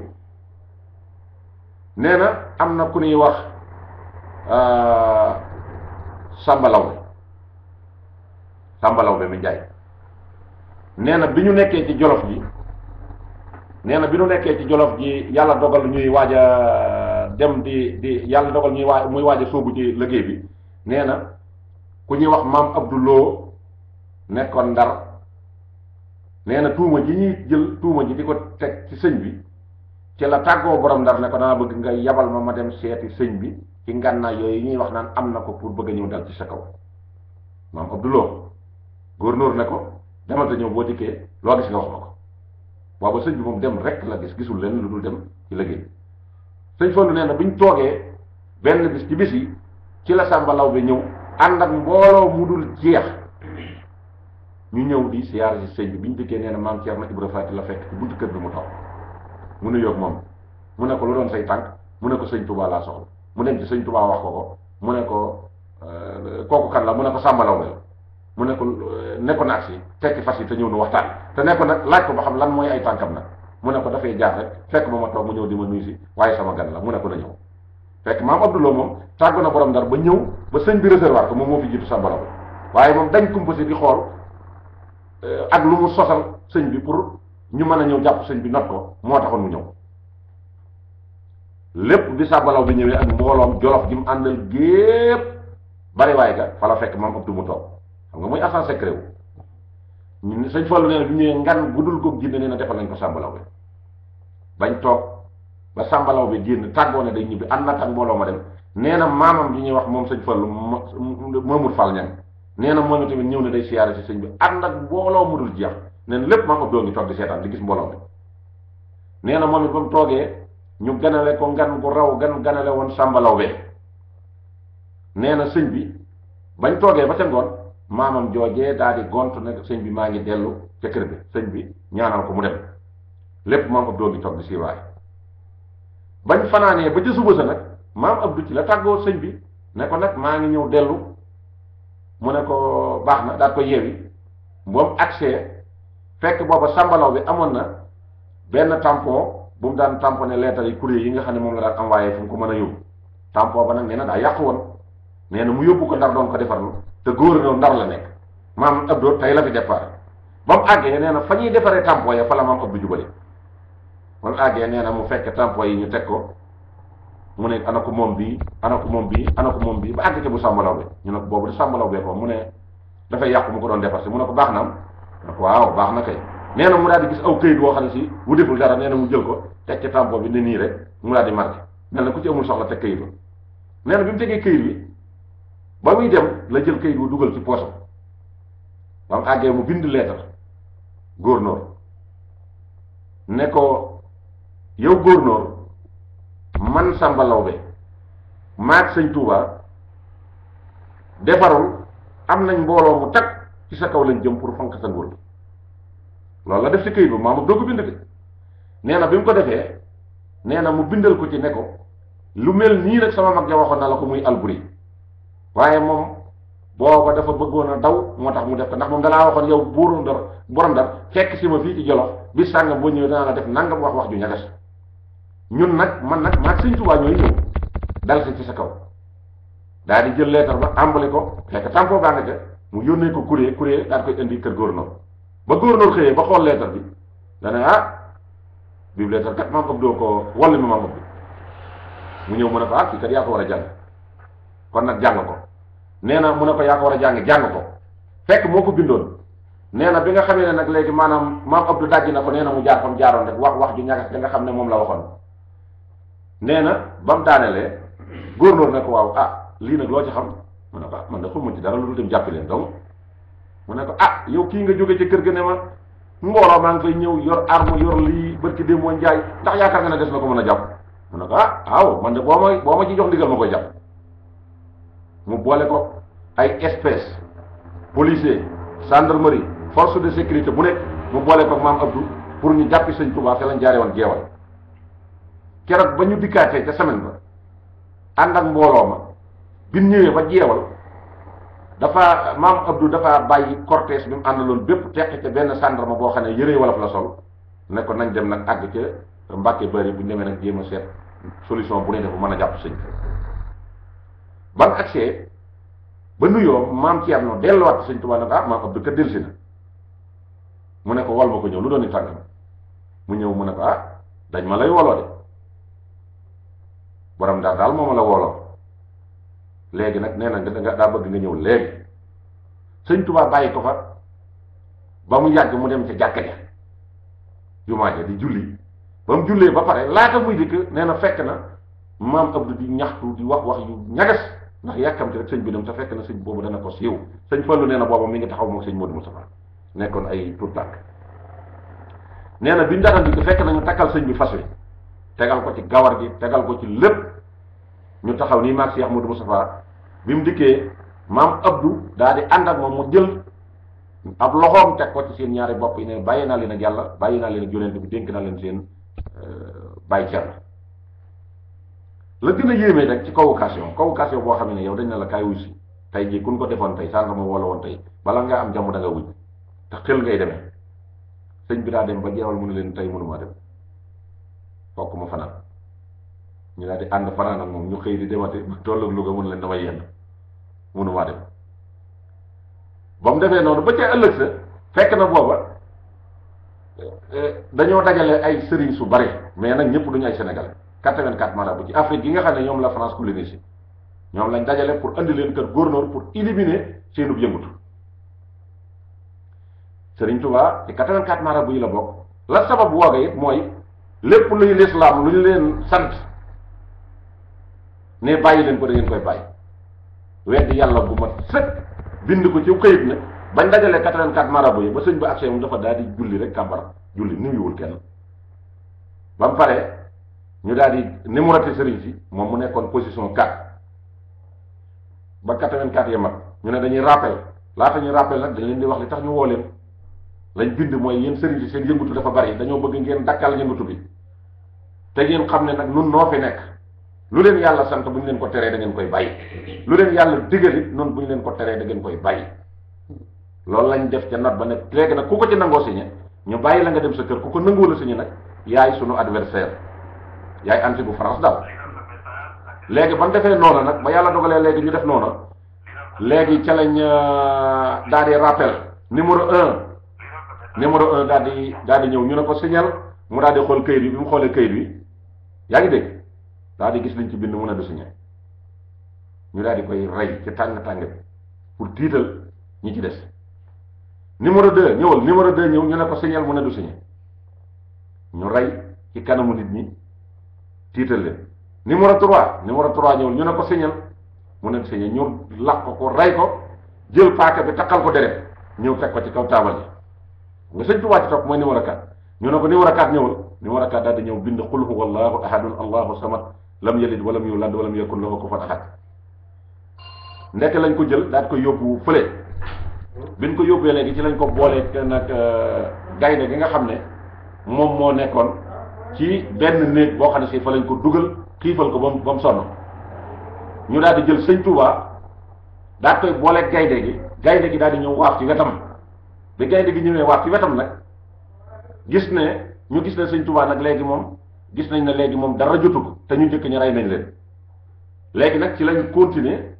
nee na am na ku ñuy wax ah, sàmbalaw bi sàmbalaw bi mu njaay nee na bi ñu nekkee ci jolof ji nee na bi nu nekkee ci jolof ji yàlla dogal ñuy waaj a dem di di yàlla dogal ñuy waaj muy waaj a sóobu ci liggéey bi nee na ku ñuy wax maam Abdou nekkoon ndar nee na tuuma ji ñuy jël tuuma ji di ko teg ci sëñ bi ci la tàggoo borom ndar ne ko dana bëgg nga yabal ma ma dem seeti sëñ bi ci ngànnaay yooyu ñuy wax naan am na ko pour bëgg a ñëw dal ci sa kaw maam Abdou Lo góor nóor ne ko demal ñëw boo dikkee loo gis nga wax ma ko booba sëñ bi moom dem rek la gis gisul leen lu dul dem ci liggéey sëñ Fallou nee na bi ñu toogee benn bis ci bis yi ci la Samba Law bi ñëw ànd ak mbooloo mu dul jeex ñu ñëw di siyaar si sëñ bi bi ñu dikkee nee na maam Thierno Ibra Faty la fekk ci buntu kër bi mu taw mu nuyoo ak moom mu ne ko lu doon say tànk mu ne ko sëñ Touba laa soxla mu dem ci sëñ Touba wax ko ko mu ne ko kooku la mu ne ko Samba Law mu ne ko nekko ko naag si fekk fas yi te ñëw nu waxtaan te ne nag laaj ko ba xam lan mooy ay tànkam nag mu ne ko dafay jaar rek fekk ma ma toog mu ñëw di ma nuyu si waaye sama gan la mu ne ko na ñëw fekk maam Abdoulaye moom na borom ndar ba ñëw ba sëñ bi moom moo fi waaye moom dañ composé di xool euh, ak lu sëñ bi pour ñu mën a ñëw jàpp sëñ bi not ko moo taxoon mu ñëw lépp bi bi ñëwee ak mbooloom jolof gi mu àndal gépp bari waay ga fa la fekk maam Abdou mu toog xam nga mooy agent secret wu ñun sëñ Fallu nee na bu ñëwee ngan gudul ko jinne nee defal nañ ko sàmbalaw bi bañ toog ba sàmbalaw bi génn tàggoo ne day ñibbi ànd na mbooloo ma dem nee na maamam ñuy wax moom sëñ Fallu Mamour Fall nee na moom tamit ñëw na day siyaare sëñ bi ànd ak mbooloo mu dul jeex nee lépp maa ngi doon toog di seetaan di gis mbooloo mi na moom it ba mu toogee ñu ganale ko ngan gu raw gan ganale woon sàmbalaw be nee na sëñ bi bañ toogee ba ca ngoon maamam joojee daal di gont nag sëñ bi maa ngi dellu ca kër bi sëñ bi ñaanal ko mu dem lépp maam Abdou ngi toog di siiwaay bañ fanaanee ba ca suba sa nag maam Abdou ci la tàggoo sëñ bi ne ko nag maa ngi ñëw dellu mu ne ko baax na daal ko yeewi moom accès fekk booba sàmbalaw bi amoon na benn tampon bu mu daan tamponné leetar yi courrier yi nga xam ne moom la daan envoyé fu mu ko mën a yóbbu tampon ba nag nee na daa yàqu woon nee na mu yóbbu ko ndar doon ko defarlu te gouverneur ndar la nekk maam Abdou tey la fi départ ba mu àggee nee na fa ñuy defaree tampon ya fa la maam Abdou jubale ba mu àggee nee na mu fekk tampon yi ñu teg ko mu ne ana ko moom bii ana moom bii ana ko moom bii ba bu sàmbalaw ñu ne ko di ko mu ne dafay yàqu ko doon defar si mu ne ko baax na am waaw baax na kay nee na gis aw këyit boo xam ne si wu deful dara nee mu jël ko teg ci tampon bi ne nii rek mu daal di marqué mel na ku ci amul soxla te këyit ba nee na bi bi ba muy dem la jël kayit wu dugal ci poosam ba mu mu bind leetar góornóor ne ko yow góornóor man Samba Lawbe maag sëñ Touba defarul am nañ mbooloo mu takk ci sa kaw lañ jëm pour fank sa loolu la def si këyit ba maamu doo bind de nee na bi mu ko defee nee na mu bindal ko ci ne ko lu mel nii nag sama mag ja waxoon na la ko muy alburi waaye moom booba dafa bëggoon a daw moo tax mu def ko ndax moom dalaa waxoon yow buuru ndar borom ndar fekk si ma fii ci jolof bi sàngam boo ñëwee danaa def nangam wax wax ju ñun nag man nag maag sëñ Tuubaa ñooy si ci sa kaw daal di jël leetar ba tàmbali ko fekk tampoo baa nga ca mu yónnee ko courrier courrier daal koy indi kër gouverneur ba gouverneur xëyee ba xool leetar bi dana ah bibu leetar kat maam doo ko wallu mi maam ëb mu ñëw mën a fa ah kii kat yaa ko war a jàng kon nag jàng ko nee na mu ne ko yaa ko war a jàng jàng ko fekk moo ko bindoon nee na bi nga xamee ne nag léegi maanaam maam Abdou dajji na ko nee na mu jaar fam jaaroon rek wax wax ju ñagas da nga xam ne moom la waxoon nee na ba mu daanelee góornóor ne ko waaw ah lii nag loo ci xam mu ne ko ah man ci dara lu dul dem jàppi leen mu ko ah yow kii nga jóge ci kër ga ne ma mbooloo maa ngi fay ñëw yor arme yor lii barki démb woon jaay ndax yaakaar nga ne des na ko mën a jàpp mu a ko ah waaw man de boo ma boo ma jox ndigal ma koy jàpp mu boole ko ay espèces policiers gendarmerie force de sécurité bu nekk mu boole ko maam Abdou pour ñu jàppi sëñ Touba te lañ jaare woon jeewal keroog ba ñu dikkaatee ca semaine ba ànd ak mbooloo ma bi ñëwee ba jeewal dafa maam Abdou dafa bàyyi cortège bi mu àndaloon bépp teq ca benn gendarme boo xam ne yëre wolof la sol ne ko nañ dem nag àgg ca Mbàkke bari bu ñu demee nag jéem a seet solution bu ne def bu mën a jàpp sëñ ba mu agsee ba nuyoo maam Thierno delluwaat sëñ Tuubaa ne ko ah maam Abdou Kadir delsi na mu ne ko wol ma ko ñëw lu doon i tàngam mu ñëw mu a ko ah dañ ma lay woloo de borom daal daal moom la woloo léegi nag nee na nga daa bëgg nga ñëw léegi sëñ Tuubaa bàyyi ko fa ba mu yàgg mu dem ca jàkka ja jumaa ja di julli ba mu jullee ba pare laata muy dikk nee na fekk na maam Abdou di ñaxtu di wax wax yu ñagas ndax yàkkamti rek sëñ bi dem te fekk na sëñ boobu dana ko siiw sëñ Fallu nee na booba mi ngi taxaw moom sëñ Modou Moustapha nekkoon ay tur tànk nee na biñu dagan bi fekk nañu takkal sëñ bi fas wi tegal ko ci gawar gi tegal ko ci lépp ñu taxaw nii maag si Ahmadou Moustapha bi mu dikkee maam Abdou daa di ànd ak moom mu jël ab loxoom teg ko ci seen ñaari bopp yi ne bàyyi naa leen ak yàlla bàyyi naa leen ak yonent bi dénk naa leen seen euh, bàyyi cerno la gën a yéeme rek ci convocation convocation boo xam ne yow dañ na la kaay wuy si tey jii kun ko defoon tey sànq ma wala woon tey bala ngaa am jàmm da nga te xel ngay demee sëñ bi daa dem ba jeewal mu ne leen tey mënumaa dem fokk ma ñu daal di ànd fanaan xëy di demate ba tolloog leen damay yenn mënumaa dem ba mu defee noonu ba ca ëllëg sa fekk na booba eh, eh, dañoo dajale ay sëriñ su bare mais nag ñëpp duñu ay sénégalais 84 marabout ci Afrique yi nga xam ne ñoom la France colonisé ñoom lañ dajale pour andi leen kër gouverneur pour éliminer seenub yëngatu Serigne Touba ci 84 marabout yi la bokk la sababu wooga it mooy lépp luy lislaam lu ñu leen sant ne bàyyi leen ko da ngeen koy bàyyi wedd yàlla bu ma sëkk bind ko ci këyit na bañ dajalee 84 marabout yi ba sëñ ba accès moom dafa daal di julli rek kàmbar julli nuyuwul kenn ba mu ñu daal di numéroté sëriñ si moom mu nekkoon position 4 ba 84 ya mag ñu ne dañuy rappel laata ñu rappel nag dañ leen di wax li tax ñu woo leen lañ bind mooy yéen sëriñ si seen yëngatu dafa bari dañoo bëgg ngeen dakkal yëngatu bi te ngeen xam ne nag nun noo fi nekk lu leen yàlla sant bu ñu leen ko teree da ngeen koy bàyyi lu leen yàlla digal it noonu bu ñu leen ko teree dangeen koy bàyyi loolu lañ def ca note ba ne léegi nag ku ko ci nangoo signé ñu bàyyi la nga dem sa kër ku ko nanguwul a signé nag yaay sunu adversaire yaay anti bu France daal léegi ban defee noona nag ba yàlla dogalee léegi ñu def noona léegi ca lañ euh, daal di numéro un numéro un daal di ñëw ñu ne ko signal mu daal di xool kayit bi bi mu xoolee kayit bi yaa ngi dégg daal gis liñ ci bind mu ne du signé ñu daal koy rey ci tàng tàng bi pour tiital ñi ci des numéro de ñëwal numéro de ñëw ñu ne ko signal mu ne du signé ñu rey ci kanamu nit ñi tiital leen numéro 3 numéro 3 ñëwul ñu ne ko signal mu ne signal ñu lakk ko rey ko jël paaka bi takkal ko deret ñëw teg ko ci kaw taabal ji nga sëñ Tuubaa ci topp mooy numéro 4 ñu ne ko numéro 4 ñëwul numéro 4 daal di ñëw bind la huwa allahu ahadun allahu samad lam yalid walam yulad walam yakun lahu kufuwan ahad ndekk lañ ko jël daal ko yóbbu fële biñ ko yóbbee léegi ci lañ ko boolee nag euh, gaynde gi nga xam ne moom moo nekkoon. ci benn néeg boo xam ne si fa lañ ko dugal xiifal ko ba mu sonn ñu daal di jël sëñ Touba daal koy booleeg gaynde gi gaynde gi daal di ñëw waaf ci wetam bi gi ñëwee waaf ci wetam nag gis ne ñu gis ne sëñ Touba nag léegi moom gis nañ ne léegi moom dara jotu ko te ñu njëkk ñu rey nañ leen léegi nag ci lañ continuer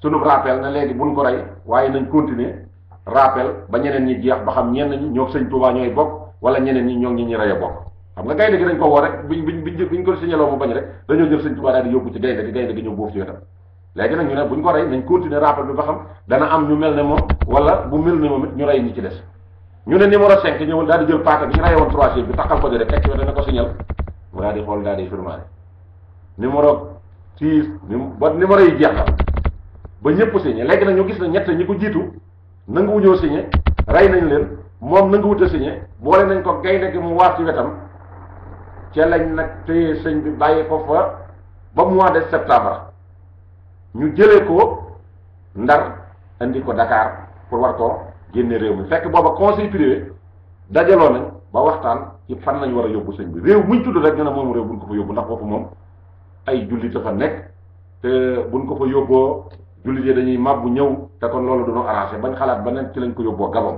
sunu rappel na léegi buñ ko rey waaye nañ continuer rappel ba ñeneen ñi jeex ba xam ñenn ñi ñoo sëñ Touba ñooy bokk wala ñeneen ñi ñoo ngi ñi rey a bokk. xam nga gaynde ki dañ ko woo rek biñ biñ biñ biñ ko signaloo mu bañ rek dañoo jël sëñ Tuubaa daal di yóbbu ci gaynde gi ci wetam léegi nag ñu ne buñ ko rey nañ continuer rappel bi ba xam dana am ñu mel ne moom wala bu mel ne moom it ñu rey ñi ci des ñu ne numéro 5 ñëwul daal di jël paaka bi ñu reyoon troisième bi taxal ko de teg ci ko signal mu daal di xool daal di firmaane numéro 6 ba numéro yi jeex na ba ñëpp signé léegi nañ ñu gis ne ñett ñi ko jiitu si signé rey nañ leen moom nanguwut a signé boole nañ ko gaynde gi mu waat ci wetam ca lañ nag téye sëñ bi bàyyi foofu fa ba mois de septembre ñu jëlee ko ndar indi ko dakaar pour war ko génne réew mi fekk booba conseil privé dajaloo nag ba waxtaan ci fan nañu war a yóbbu sëñ bi réew muñ tudd rek nga ne moom réew buñ ko fa yóbbu ndax foofu moom ay jullit dafa nekk te buñ ko fa yóbboo jullit yi dañuy màbbu ñëw te kon loolu du ñu arrangé bañ xalaat ba nekk ci lañ ko yóbboo Gabon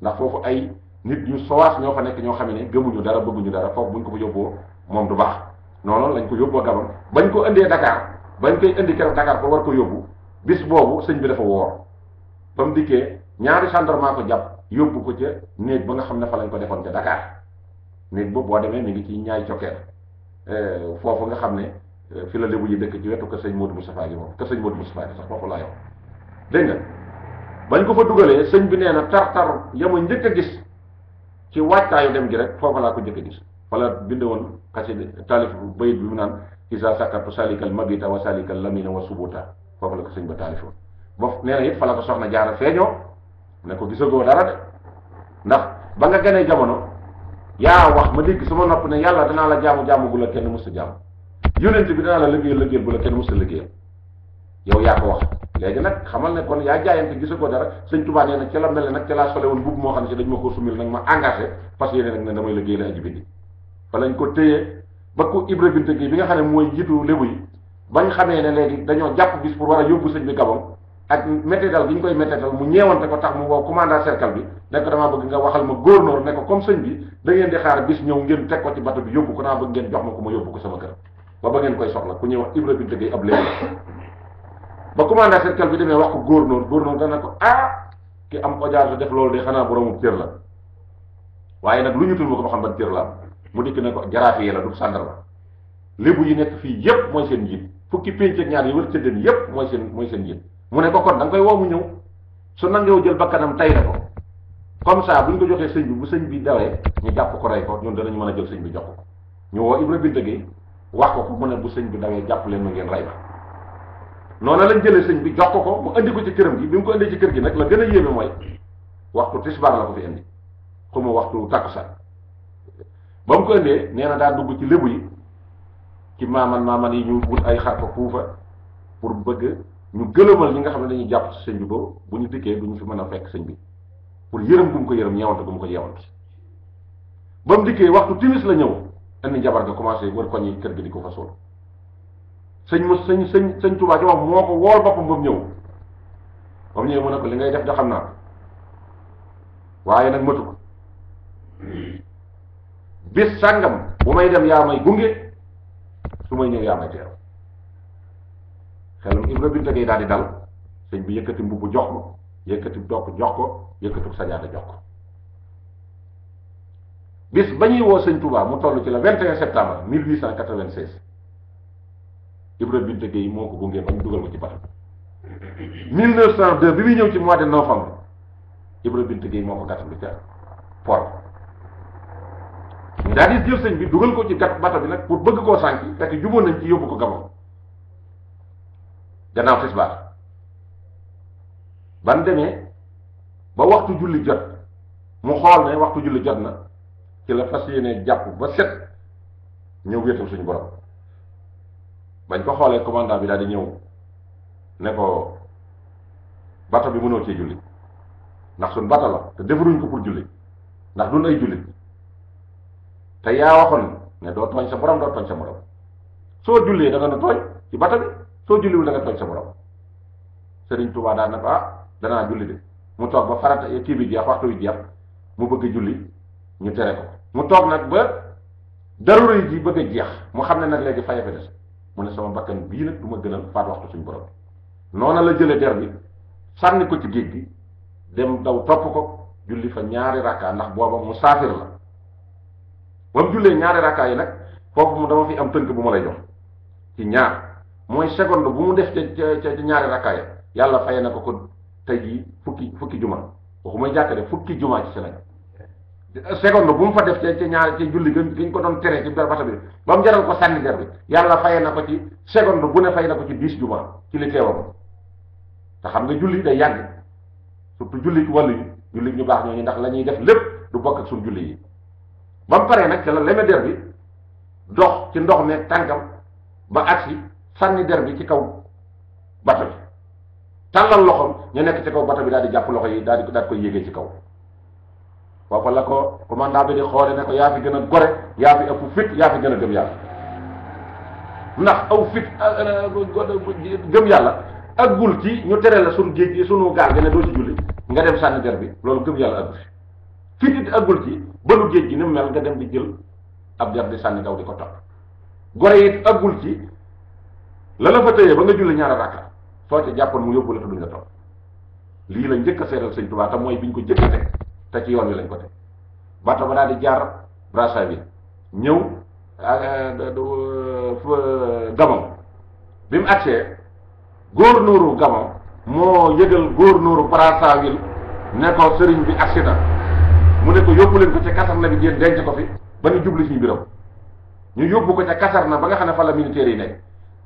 ndax foofu ay nit ñu sowaas ñoo fa nekk ñoo xam ne gëmuñu dara bëgguñu dara foofu buñ ko fa yóbboo moom du baax noonu lañ ko yóbboo Gabon bañ ko indee Dakar bañ koy indi keroog Dakar pour war ko yóbbu bis boobu sëñ bi dafa woor ba mu dikkee ñaari gendarme ko jàpp yóbbu ko ca néeg ba nga xam ne fa lañ ko defoon ca Dakar néeg boobu boo demee mi ngi ci ñaay cokkeer euh, foofu nga xam ne euh, fi la lébu yi dëkk ci wetu kër sëñ Modou Moustapha gi moom kër sëñ Modou Moustapha gi sax foofu laa yow dégg nga bañ ko fa sëñ bi nee na tar tar yama njëkk a gis ci wàccaayu dem gi rek foofa laa ko jëkk a gis wala bind woon kasi taalif bayit bi mu naan isa sakatu salikal mabita wa salikal lamina wa subuta foofa la ko sëñ ba taalif woon boof nee na it fa la ko soxna jaara feeñoo ne ko gisagoo dara de ndax ba nga gënee jamono yaa wax ma dégg sama nopp ne yàlla danaa la jaamu jaamu bu la kenn musta jaamu yonent bi danaa la liggéeyal liggéeyal bu la kenn musta liggéeyal yow yaa ko wax léegi nag xamal ne yaa jaayante gisa ko dara sëñ Tuubaa nee nag ca la mel ne laa sole woon buub moo xam ne si dañ ma ko sumil nag ma engagé parce que bi nga xam ne mooy jiitu lébu yi bañ xamee ne léegi dañoo jàpp bis pour war a yóbbu sëñ bi Gabon ak mététal gi ñu koy mététal mu ñeewante ko tax mu woo commandant cercle bi ne ko damaa bëgg nga waxal ma góornóor ne ko comme sëñ bi da di xaar bis ñëw ngeen teg ko ci bato bi yóbbu ko naa bëgg ngeen jox ma ko ba commendataire bi demee wax ko góornóor góornóor dana ko ah ki am audience def loolu de xanaa boroomu cër la waaye nag lu ñu tudd ko ba xam ban cër la mu dikk ne ko jaraaf yi la du sàndarma lébu yi nekk fii yépp mooy seen njiit fukki pénc ak ñaar yi wër cëddeen yépp mooy seen mooy seen njiit mu ne ko kon da nga koy woo mu ñëw su nangoo jël bakkanam tay na ko comme ça bu ñu ko joxee sëñ bi bu sëñ bi dawee ñu jàpp ko rey ko ñun danañ mën a jël sëñ bi jox ko ñu woo Ibra wax ko ko mu ne bu sëñ bi dawee jàpp leen ma ngeen rey noonu lañ jëlee sëñ bi jox ko ko mu indi ko ci këram gi bi mu ko indee ci kër gi nag la gën a yéeme mooy waxtu tisbaar la ko fi indi xuma waxtu takkusaan ba mu ko indee nee na daa dugg ci lébu yi ci maaman maaman yi ñu wut ay xar fa fuufa pour bëgg ñu gëlëmal ñi nga xam ne dañuy jàpp ci sëñ bi ba bu ñu dikkee du ñu fi mën a fekk sëñ bi pour yërëm bu ko yërëm ñeewante bu ko yeewante ba mu dikkee waxtu timis la ñëw indi njabar ga commencé wër koñ yi kër gi di ko fa suul sëñ mu sëñ sëñ sëñ Tuubaa ci moom moo ko wool boppam ba mu ñëw ba mu ñëw mu ne ko li ngay def da xam naa waaye nag matu ko bis sàngam bu may dem yaa may gunge su may ñëw yaa may teew xelam Ibra Binta Gay daal di dal sëñ bi yëkkati mbubb jox ko yëkkati dokk jox ko yëkkati sajaada jox ko bis ba ñuy woo sëñ Tuubaa mu toll ci la 21 septembre 1896. Ibra Binta Gueye moo ko gunge bañ dugal ko ci bato bi 1902 bi muy ñëw ci mois de novembre Ibra Binta Gueye moo ko gàttalu ca port ñu di jël sëñ bi dugal ko ci gat bato bi nag pour bëgg koo sànki fekk juboon nañ ci yóbbu ko Gabon gannaaw tisbaar ban demee ba waxtu julli jot mu xool ne waxtu julli jot na ci la fas yéene jàpp ba set ñëw wéetal suñu borom bañ ko xoolee commandant bi daal di ñëw ne ko bato bi mënoo cee julli ndax suñ bato la te defaruñ ko pour julli ndax duñ ay jullit te yaa waxoon ne doo tooñ sa borom doo tooñ sa soo jullee da nga soo julliwul da nga tooñ sa borom Sëriñ Tuubaa daan na ko ah danaa julli de mu toog ba farata kii bi jeex waxtu wi jeex mu bëgg julli ñu tere ko mu toog nag ba darura yi bëgg a jeex mu xam ne nag léegi fayafe des mu ne sama bakkan bii nag du ma gënal faat waxtu suñu borom noona la jële der bi sànni ko ci géej gi dem daw topp ko julli fa ñaari rakka ndax booba mu saafir la ba jullee ñaari rakka yi nag foofu mu dama fi am tënk bu ma lay jox ci ñaar mooy seconde bu mu def ca ca ñaari rakka yàlla fay na ko ko tey jii fukki fukki juma waxuma jàkk de fukki juma ci Sénégal seconde bu mu fa def ci ñaar ci julli gën gi ñu ko doon tere ci biir bata bi ba mu jaral ko sànni der bi yàlla fayee na ko ci seconde bu ne fay na ko ci dix juma ci li teewam te xam nga julli day yàgg surtout julli ci wàllu yi julli baax ñooñu ndax la ñuy def lépp du bokk ak suñu julli yi ba mu paree nag ci la leme der bi dox ci ndox me tànkam ba agsi sànni der bi ci kaw bata bi tàllal loxoom ñu nekk ci kaw bata bi daal di jàpp loxo yi daal di daal koy yéegee ci kaw foofa la ko commandant bi di xoole ne ko yaa fi gën a gore yaa fi ëpp fit yaa fi gën a gëm yàlla ndax aw fit ah, ah, ah, gëm yàlla aggul ci ñu tere la suñu géej gi suñu gaal gi ne doo ci julli nga dem sànni der bi loolu gëm yàlla aggu fi fit it aggul ci bënu géej gi ni mu mel nga dem di jël ab der di sànni daw di ko topp gore it aggul ci la la fa tëyee ba nga julli ñaara rakka soo ci jàppoon mu yóbbu la te duñ la lii la njëkk a seeral sëñ Tuubaa mooy biñ ko jëkk te ci yoon wi lañ ko teg bato ba daal di jaar Brazzaville ñëw euh, euh, Gabon bi mu agsee góornóoru Gabon moo yëgal góornóoru Brazzaville ne ko sëriñ bi agsi mu ne ko yóbbu ko ca caserne bi ngeen denc ko fi ba ñu jublu suñu biram ñu yóbbu ko ca caserne ba nga xam ne fa la militaire yi nekk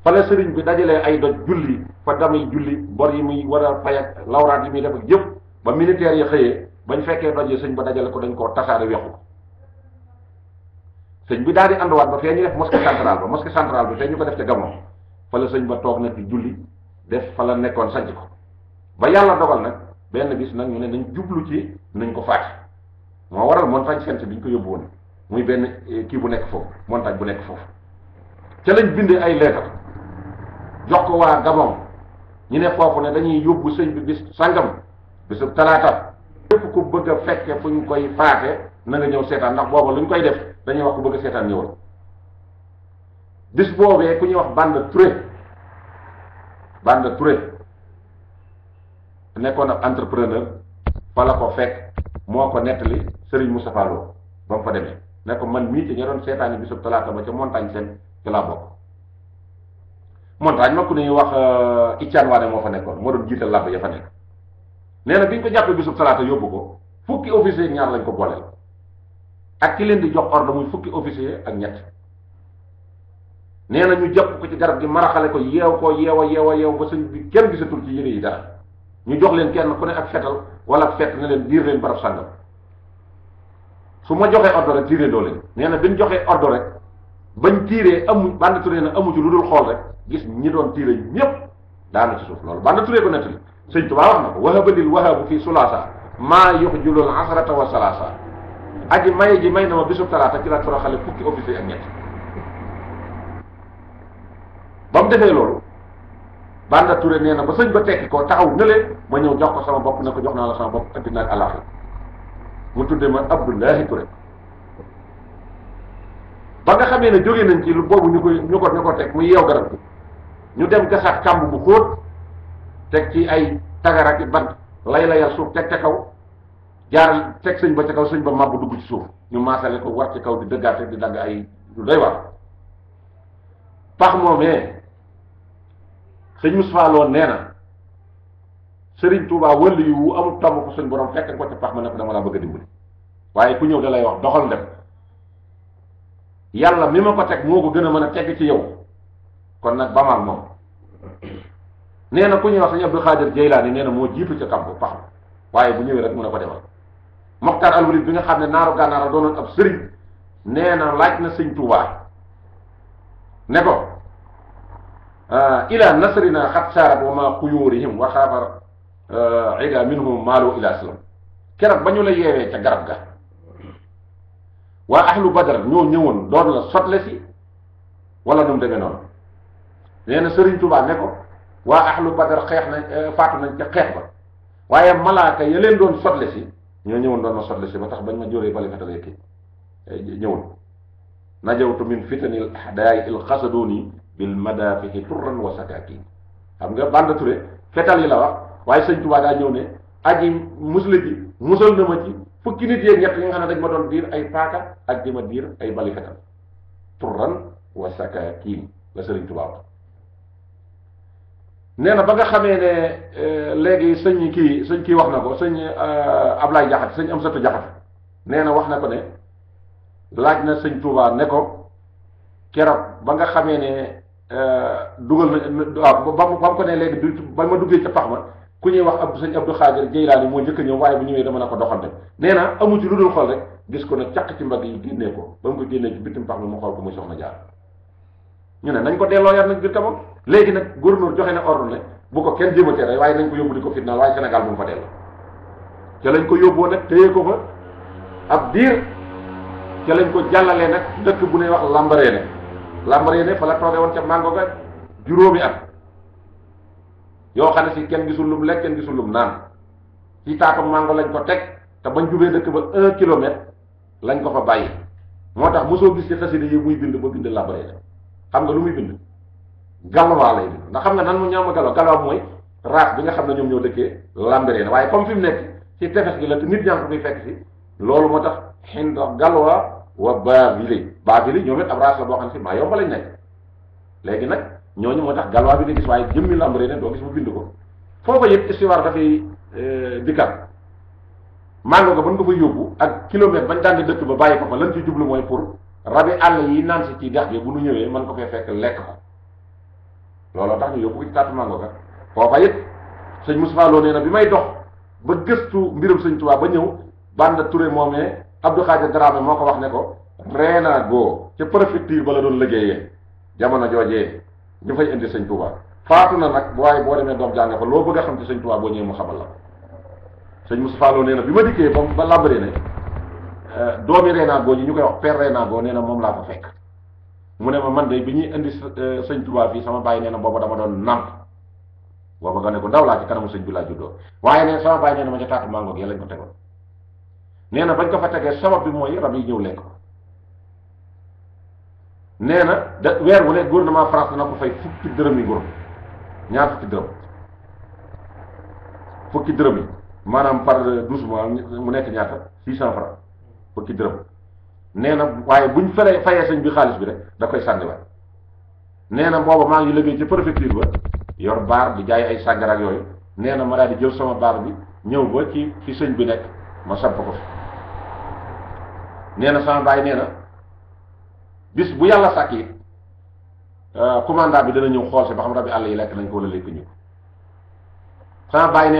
fa sëriñ bi dajalee ay doj julli fa damay julli bor yi muy war a fay lawraat yi muy def ak yëpp ba militaire yi xëyee bañ fekkee doj yi sëñ ba dajale ko dañ koo tasaare wexu sëñ bi daal di ànduwaat ba fee ñu def mosquée centrale ba mosquée centrale ba fee ñu ko def ca Gabon fa la sëñ ba toog nag di julli def fa la nekkoon sanc ko ba yàlla dogal nag benn bis nag ñu ne nañ jublu ci nañ ko faat moo waral montagne sent bi ñu ko yóbbu woon muy benn eh, kii bu nekk foofu montagne bu nekk foofu ca lañ bindee ay leetar jox ko waa Gabon ñu ne foofu ne dañuy yóbbu sëñ bi bis sàngam bisub képp ku bëgg a fekke fu ñu koy faate na nga ñëw seetaan ndax booba lu ñu koy def dañuy wax ku bëgg a seetaan ñëwal bis boobee ku ñuy wax bande Touré bande Touré nekkoon ab entrepreneur fa la ko fekk moo ko nettali sëriñ Moustapha Lo ba mu fa demee ne ko man mii ci ña doon seetaani bisub talaata ba ca montagne seen ci laa bokk montagne ma ku ñuy wax euh, Icaan Waane moo fa nekkoon moo doon jiital làmb ya fa nekk nee na bi ñu ko jàppee bisub talaata yóbbu ko fukki officier ak ñaar lañ ko booleel ak ki leen di jox ordre muy fukki officier ak ñett nee na ñu jàpp ko ci garab gi maraxale ko yeew ko yeew a yeew a yeew ba sëñ bi kenn gisatul ci yére yi dara ñu jox leen kenn ku ne ak fetal wala ak fet ne leen diir leen barab sàngam su ma joxee ordre rek tiiree doo leen nee na bi ñu joxee ordre rek bañ tiiree amu bànda turee na amu ci lu dul xool rek gis ñi doon tiiree ñépp suuf loolu bànda sëñ Tuubaa wax na ko wahabalil wahabu fii sulaasa maa yox julul asrata wa salaasa aji may ji may na ma bisub talaata ci laa toroxale fukki office yi ak ñett ba mu defee loolu Banda Touré nee na ba sëñ ba tekki ko taxaw ne leen ma ñëw jox ko sama bopp ne ko jox naa la sama bopp addina ak àllaaxira mu tudde ma Abdoulahi Touré ba nga xamee ne jógee nañ ci lu boobu ñu ko ñu ko teg mu yeew garab bi ñu dem gasaat kàmb bu xóot teg ci ay tagar ak i bant lay layal suuf teg ca kaw jaar teg sëñ ba ci kaw sëñ ba màbb dugg ci suuf ñu maasale ko war ci kaw di dëggaate di dagg ay lu doy wax pax moomee sëñ Moustapha Lo nee na sëriñ Touba wëll yu wu amul tomb ko suñ borom fekk ko ca pax ma ne ko dama laa bëgg a dimbali waaye ku ñëw da lay wax doxal dem yàlla mi ma ko teg moo ko gën a mën a teg ci yow kon nag bamaal moom nee na ku ñuy wax sëñ Abdou Xaadir Jaylaani nee na moo jiitu ca kamb pax ma waaye bu ñëwee rek mun a ko demal Moxtaar Alwalid bi nga xam ne naaru gànnaara doon ab sëriñ nee laaj na sëñ Tuubaa ne ko ah, ila nasrina xat saarat wa ma xuyuurihim wa xaabar ah, ida minhum maalo ila salam ba ñu la yeewee ca garab ga waa ahlu badar ñoo ñëwoon doon la sotle si wala nu mu noonu nee na sëriñ Tuubaa ne ko waa ahlu badar xeex nañ euh, faatu nañ ca xeex ba waaye malaaka ya doon sotle si ñoo ñëwoon doon ma sotle si ba tax bañ ma jóoree bali fetal yekki euh, ñëwoon najawtu min fitanil ahdaay il xasaduni bil madafihi turran wa sakakin xam nga banda ture fetal yi la wax waaye sëñ Tuubaa daa ñëw ne aji musle ji musal na ma ci fukki nit yeeg ñett yi dañ ma doon diir ay paaka ak di ma diir ay bali fetal turran wa sakakin la sëriñ Tuubaa nee na ba nga xamee ne euh, léegi sëñ kii sëñ kii wax na ko sëñ euh, Ablaye Jaxate sëñ Amsatu Jaxate nee na wax na ko ne laaj na sëñ Touba ne ko keroog ba nga xamee ne euh, dugal na waaw ba mu ko ne léegi ba ma duggee ca pax ma ku ñuy wax ab sëñ Abdou Xaadir Jeylaani moo jëkk ñëw waaye bu ñëwee dama na ko doxante nee na amu ci lu dul xool rek gis ko ne càq ci mbag yi génnee ko ba mu ko génnee ci bitim pax mi mu xool ko muy soxna jaar ñu ne nañ ko delloo yar nag biir léegi nag gouverneur joxe na ordre ne bu ko kenn jéem a tere waaye nañ ko yóbbu di ko fitnaal waaye Sénégal bu mu fa dellu ca lañ ko yóbboo nag téye ko fa ab diir ca lañ ko jàllalee nag dëkk bu ne wax Lambaréné Lambaréné fa la toogee woon ca mango ga juróomi at yoo xam si kenn gisul lum lekk kenn gisul lum naan ci taatam mango lañ ko teg te bañ jubee dëkk ba un kilomètre lañ ko fa bàyyi moo tax mosoo gis ci xasida yi muy bind ba bind Lambaréné xam lu muy bind galwaa lay bind ndax xam nga nan mu ñaama galwaa galwaa mooy race bi nga xam ne ñoom ñoo dëkkee Lambaréné waaye comme fi mu nekk ci tefes gi la te nit ñaa ko fiy fekk si loolu moo tax xind galwaa wa baabili baabili ñoom it ab race la boo xam si maa yomb lañ nekk léegi nag ñooñu moo tax galwaa bi nga gis waaye doo gis mu bind ko foofa yëpp istiwaar dafay euh, dikkat mango ga ban nga fa yóbbu ak kilomètre bañ daan di dëkk ba bàyyi ko fa lan ci jublu mooy pour rabi àll yi naan si ci dex gi bu nu ñëwee mën ko fee fekk lekk ko looloo tax ñu yóbbu ko ci taatu mango ga foofa it sëñ Moustapha Lo nee na bi may dox ba gëstu mbirum sëñ Tuubaa ba ñëw Banda Touré moomee Abdou Khadir Dramé moo ko wax ne ko reena goo ca préfecture ba la doon liggéeyee jamono joojee ñu fay indi sëñ Tuubaa faatu na nag waaye boo demee doom jàng fa loo bëgg a xam ci sëñ Tuubaa boo ñëwee mu xamal la sëñ Moustapha Lo nee na bi ma dikkee ba ba labré ne doomi reenaagoo ji ñu koy wax père reenaagoo nee na moom laa ko fekk mu ne ma man de bi ñuy indi euh, sëñ Tuubaa fii sama bàyyi nee na booba dama doon nàmp booba nga ne ko ndaw laa ci kanamu sëñ bi laa juddoo waaye nee sama bàyyi nee na ma ca taatu mango gi lañ ko tegoon nee na bañ ko fa tegee sama bi mooy rab yi ñëw lekk ko nee na da weer wu ne gouvernement France dana ko fay fukki dërëm yi nguur ñaar fukki dërëm fukki dërëm yi maanaam par douze mu nekk ñaata six cent francs fukki dërëm nee na waaye buñ feree fayee sëñ bi xaalis bi rek da koy sànniwaat nee na booba maa ngi liggéey ci préfecture ba yor baar di jaay ay sàngara yooyu nee na ma daal di jël sama baar bi ñëw ba ci fi sëñ bi nekk ma samp ko fi nee na sama baay nee na bis bu yàlla sàkk it euh, commandant bi dana ñëw xool si ba xam rabi àll yi lekk nañ ko wala lekk nee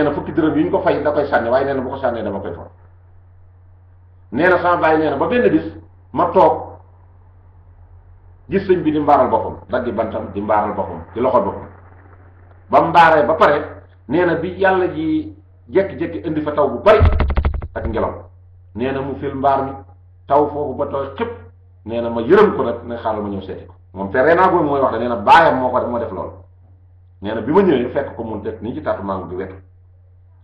na fukki dërëm yi ñu ko fay da koy sànni waaye nee na bu ko sànnee dama koy for nee sama baay nee ba benn bis ma toog gis sëñ bi di mbaaral boppam daggi bantam di mbaaral boppam di loxo boppam ba mbaaree ba pare nee na bi yàlla ji jekki-jekki indi fa taw bu bari ak ngelaw nee na mu fil mbaar mi taw foofu ba tooy xëpp nee na ma yërëm ko nag ne xaaral ma ñëw seeti ko moom te reenaa boobu mooy wax ne nee baayam moo ko moo def loolu nee na bi ma ñëwee fekk ko mun teg nii ci taatu mango bi wet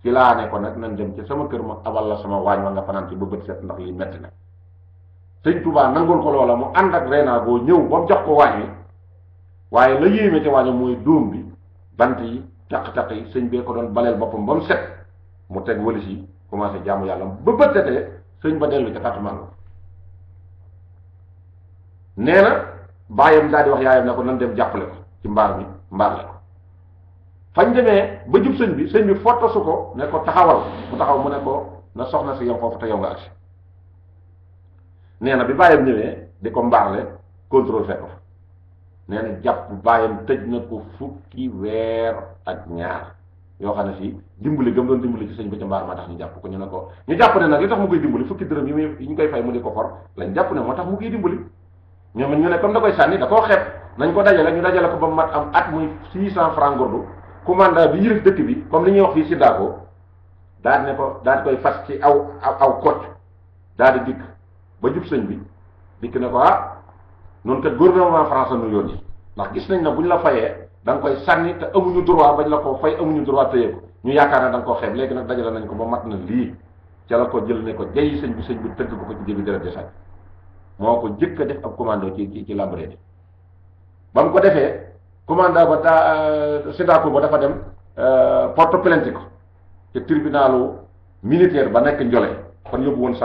fi laa ne ko nag nan dem ci sama kër ma abal la sama waañ ma nga fanaan ci ba bët li metti na sëñ Touba nangul ko loola mu ànd ak reenaagoo ñëw ba mu jox ko waañ wi waaye la yéeme ca waañam mooy dóom bi bant yi taq-taq yi sëñ bee ko doon baleel boppam ba mu set mu teg wëlis yi commencé jaamu yàlla ba bët setee sëñ ba dellu ca kàttu màngo nee na bàyyam daal di wax yaayam ne ko nan dem jàppale ko ci mbaal mi mbaar la ko fañ demee ba jub sëñ bi sëñ bi fottasu ko ne ko taxawal mu taxaw mu ne ko na soxna si yow foofu te yow nga agsi nee na bi bàyyam ñëwee di ko mbaarle contrôle fekk fa nee na jàpp bàyyam tëj na ko fukki weer ak ñaar yoo xam ne fii dimbali gëm doon dimbali ci sëñ ba ca mbaar maa tax ñu jàpp ko ñu ne ko ñu jàpp ne nag li tax mu koy dimbali fukki dërëm yi muy yi ñu koy fay mu di ko for lañ jàpp ne moo tax mu koy dimbali ñoom ñu ne comme da koy sànni da koo xeeb nañ ko dajale ñu dajale ko ba mat am at muy 600 francs gordu commandant bi yërëf dëkk bi comme li ñuy wax fii si daako daal ne ko daal di koy fas ci aw aw kocc daal di dikk ba jub sëñ bi dikk na ko ah noonu kat gouvernement france nu yoon yi ndax gis nañ ne bu ñu la fayee da koy sànni te amuñu droit bañ la ko fay amuñu droit téye ko ñu yaakaar ne da ko koo xeeb léegi nag dajale nañ ko ba mat na lii ca la ko jël ne ko jayi sëñ bi sëñ bi tëgg ko ko ci jëbi deret de sànni moo ko jëkk a def ab commando ci ci ci lambré bi ba mu ko defee commanda ba daa euh, séddaku ba dafa dem euh, porte plainte ko te tribunalu militaire ba nekk Njole kon yóbbu woon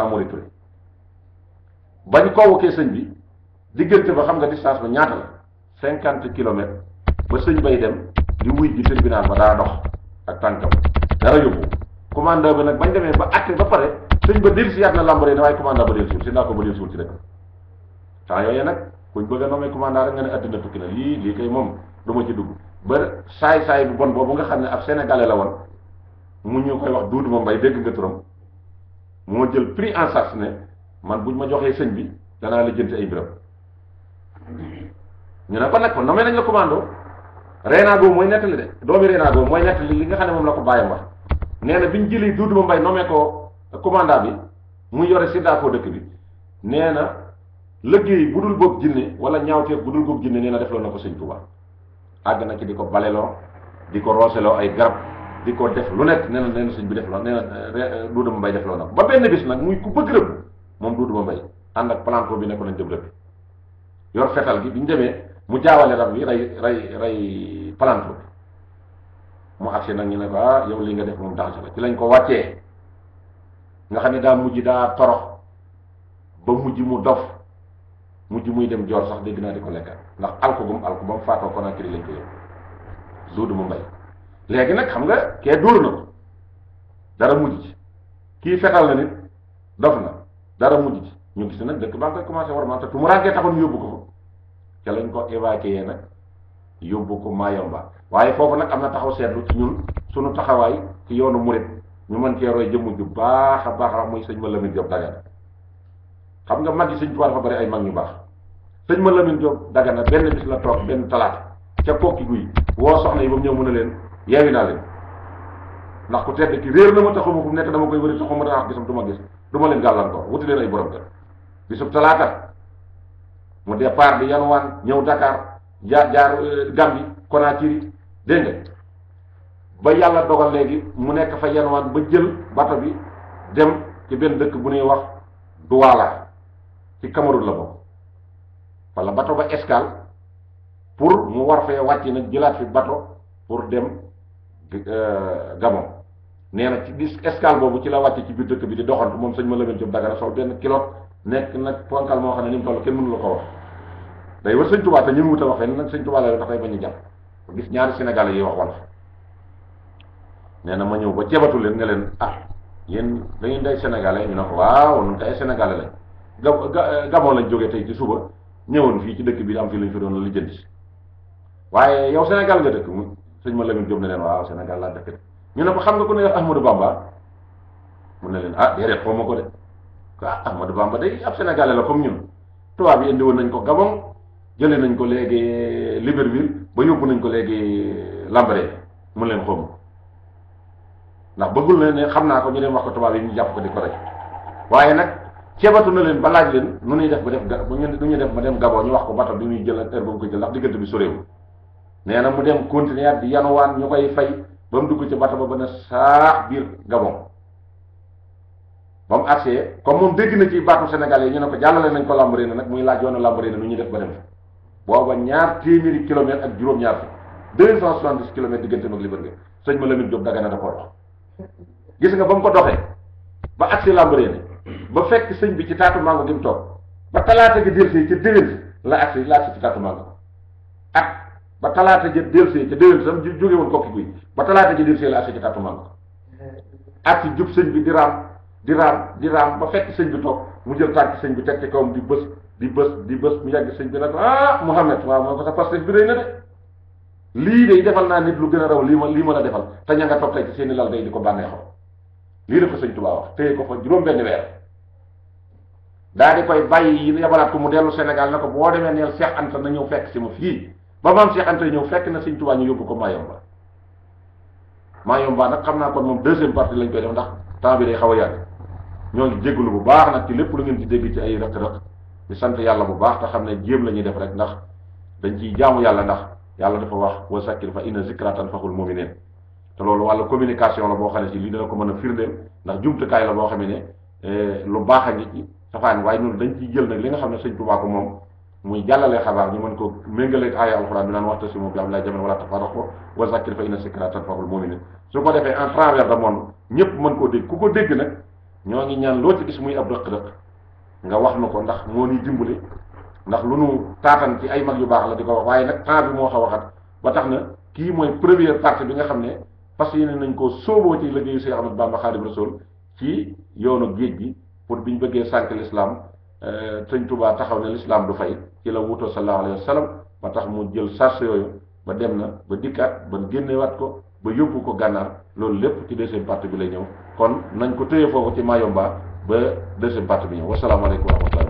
ba ñu convoqué sëñ bi diggante ba xam nga distance ba ñaata la cinquante kilomètres ba sëñ bay dem di wuy ji tribunal ba daa dox ak tànkam dara yóbbu commandeur ba nag bañ demee ba àtte ba pare sëñ ba dellusi yaat na lambaree na waaye commandeur ba dellusiwul si naa ko ba dellusiwul ci dëkk temps yooyu nag kuñ bëgg a nommé commandeur rek nga ne àddina tukki na lii lii kay moom du ma dugg ba saay-saay bu bon boobu nga xam ne ab sénégalais la woon mu ñu koy wax duudu ma mbay dégg nga turam moo jël prix en charge man buñ ma joxee sëñ bi danaa la jënd ay mbiram ñu ne ko nag ko nommé nañ la commando Reynaago mooy nettali de doomi Reynaago mooy nettali li nga xam ne moom la ko bàyyam wax nee na biñ jëlee Duudu Ba Mbay nommé ko bi mu yore Sida koo dëkk bi nee na liggéey bu dul boobu jinne wala ñaawteef bu dul boobu jinne nee na na ko sëñ Tuubaa àgg na ci di ko baleloo di ko rooseloo ay garab di ko def lu nekk nee na nee na sëñ bi def nee na eh, Duudu Ba Mbay defloo na ko ba benn bis nag muy ku bëgg moom duudu ma mbay ànd ak planto bi nekkoon nañ dem rëbbi yor fetal gi bi ñu demee mu jaawale rab bi rey rey rey planto bi mu agsi nag ñu ne ko ah yow li nga def moom danger la ci lañ ko wàccee nga xam ne daal mujj daa torox ba mujj mu dof mujj muy dem joor sax dégg naa di ko lekka ndax alko ba mu alko ba mu faatoo Conakry lañ ko yóbbu duudu ma mbay léegi nag xam nga kee dóor na ko dara mujj ci kii fetal la nit dof na dara mujj ci ñu gis nag dëkk baa koy commencé war man te tumuraanke taxoon yóbbu ko fa ca lañ ko évacué nag yóbbu ko Mayomba waaye foofu nag am na taxaw seetlu ci ñun suñu taxawaay ci yoonu murit ñu mën cee roy jëmm ju baax a baax a muy sëñ ma Lamine Diop Dagana xam nga mag yi sëñ Tuubaa ay mag ñu baax sëñ ma Lamine Diop Dagana benn bis la toog benn talaata ca kooki guy woo soxna yi ba mu ñëw mën a leen yeewi naa leen ndax ku tedd ki réer na ma taxuma nekk dama koy wëri taxuma daa gisam du ma gis du ma leen gàllankoor wuti leen ay borom kër bisub talaata mu départ di yanwaan ñëw Dakar jaar jaar euh, Gambie Conakry dégg nga ba yàlla dogal léegi mu nekk fa yanwaan ba jël bato bi dem ci benn dëkk bu ñuy wax Douala ci Cameroun la bokk wala bato ba escale pour mu war fee wàcc nag jëlaat fi bato pour dem euh, Gabon nee na ci bis escale boobu ci la wàcce ci biir dëkk bi di doxantu moom sëñ ma lëbën jëm dagara sol benn kilo nekk nag ponkal moo xam ne ni mu toll kenn mënu la ko wax day war sëñ Tuubaa te ñu wut a wax ren nag sëñ Tuubaa la gis ñaari Sénégalais yi wax wala nee na ma ñëw ba jebatu leen nga leen ah yéen da day Sénégalais ñu ne ko waaw ñun ay Sénégalais lañ ga gamoo lañ jógee tey ci suba ñëwoon fii ci dëkk bi am fii lañ fi doon lijjanti waaye yow Sénégal nga dëkk mu sëñ ma Lamine Diop ne leen waaw Sénégal ñu ne ko xam nga ko ne Ahmadou Bamba mu ne leen ah déedéet xaw ma ko de waaw Ahmadou Bamba day ab Sénégalais la comme ñun tubaab yi indi woon nañ ko Gabon jëlee nañ ko léegi Libreville ba yóbbu nañ ko léegi Lambaréné mun leen xaw ma ndax bëggul na ne xam naa ko ñu leen wax ko tubaab yi ñu jàpp ko di ko rek waaye nag ceebatu na leen ba laaj leen nu ñuy def ba def ga bu ñu def ma dem Gabon ñu wax ko bato bi muy jël ak heure ba mu ko jël ndax diggante bi soreewul nee na mu dem continuer di yanuwaan ñu koy fay. ba mu dugg ci bata ba ba ne saax biir Gabon ba mu agsee comme moom dégg na ci baatu Sénégal yi ñu ne ko jàllale nañ ko Lambaréné nag muy laaj yoonu Lambaréné nu ñuy def ba dem fa booba ñaar téeméeri kilomètres ak juróom-ñaar fi deux cent soixante-dix kilomètres diggante mag Liberté sëñ ma Lamine Diop Dagana da ko dox gis nga ba mu ko doxee ba agsee Lambaréné ba fekk sëñ bi ci taatu mango gi mu toog ba talaata gi dir si ci déwén la agsi la agsi ci taatu mango ba talaata ja delsee ca déwén tam jóge woon kokki guy ba talaata ja delsee la agsi ca tàttu ak si jub sëñ bi di raam di raam di raam ba fekk sëñ bi toog mu jël tànk sëñ bi teg ci kawam di bës di bës di bës mu yàgg sëñ bi nag ah Mouhamed waaw moo ko sa pastef bi rëy na de lii de defal naa nit lu gën a raw lii ma lii ma la defal te ña nga toog ci seeni lal day di ko bànneexoo lii la ko sëñ Tuubaa te téye ko fa juróom benn weer daa di koy bàyyi yi yabalaat ko mu dellu Sénégal na boo demee neel Seex Anta na ñëw fekk si ma fii ba maam Cheikh ñëw fekk na Sëñ Tuubaa ñu yóbbu ko Mayomba Mayomba nag xam naa kon moom deuxième partie lañ koy def ndax temps bi day xaw a yàgg ñoo ngi jégalu bu baax nag ci lépp lu ngeen di dégg ci ay rëq-rëq di sant yàlla bu baax te xam ne jéem la def rek ndax dañ ciy jaamu yàlla ndax yàlla dafa wax wa sakkir fa inna moom tanfa'ul neen te loolu wàllu communication la boo xam ne si lii dana ko mën a firndeel ndax jumtukaay la boo xam ne eh, lu baax a ngi ci safaan waaye ñun dañ ciy jël nag li nga xam ne Sëñ Tuubaa ko moom muy jàllale xabaar ñu mën ko méngaleeg aaya alxuraan bi naan wa'tasimu bi hablillahi jamii'an wala tafarraqu wa zakkir fa inna zikra tanfa'ul mu'minin su ko defee en travers le monde ñëpp mën koo dégg ku ko dégg nag ñoo ngi ñaan loo ci gis muy ab rëq-rëq nga wax nu ko ndax moo ñuy dimbali ndax lu nu taatan ci ay mag yu baax la di ko wax waaye nag temps bi moo xaw a xat ba tax na kii mooy première partie bi nga xam ne fas yéene nañ ko sóoboo ci liggéeyu Seex Ahmadu Bamba Xaadimu Rasuul ci yoonu géej gi pour biñ bëggee sànq l'islam euh, Sëñ Tuubaa taxaw ne l'islam du fay ci la wuto sallallahu alayhi wa ba tax mu jël sars yooyu ba dem na ba dikkaat ba génnewaat ko ba yóbbu ko gànnaar loolu lépp ci deuxième partie bi lay ñëw kon nañ ko téye foofu ci Mayomba ba deuxième partie bi ñëw wasalaamaaleykum wa rahmatulah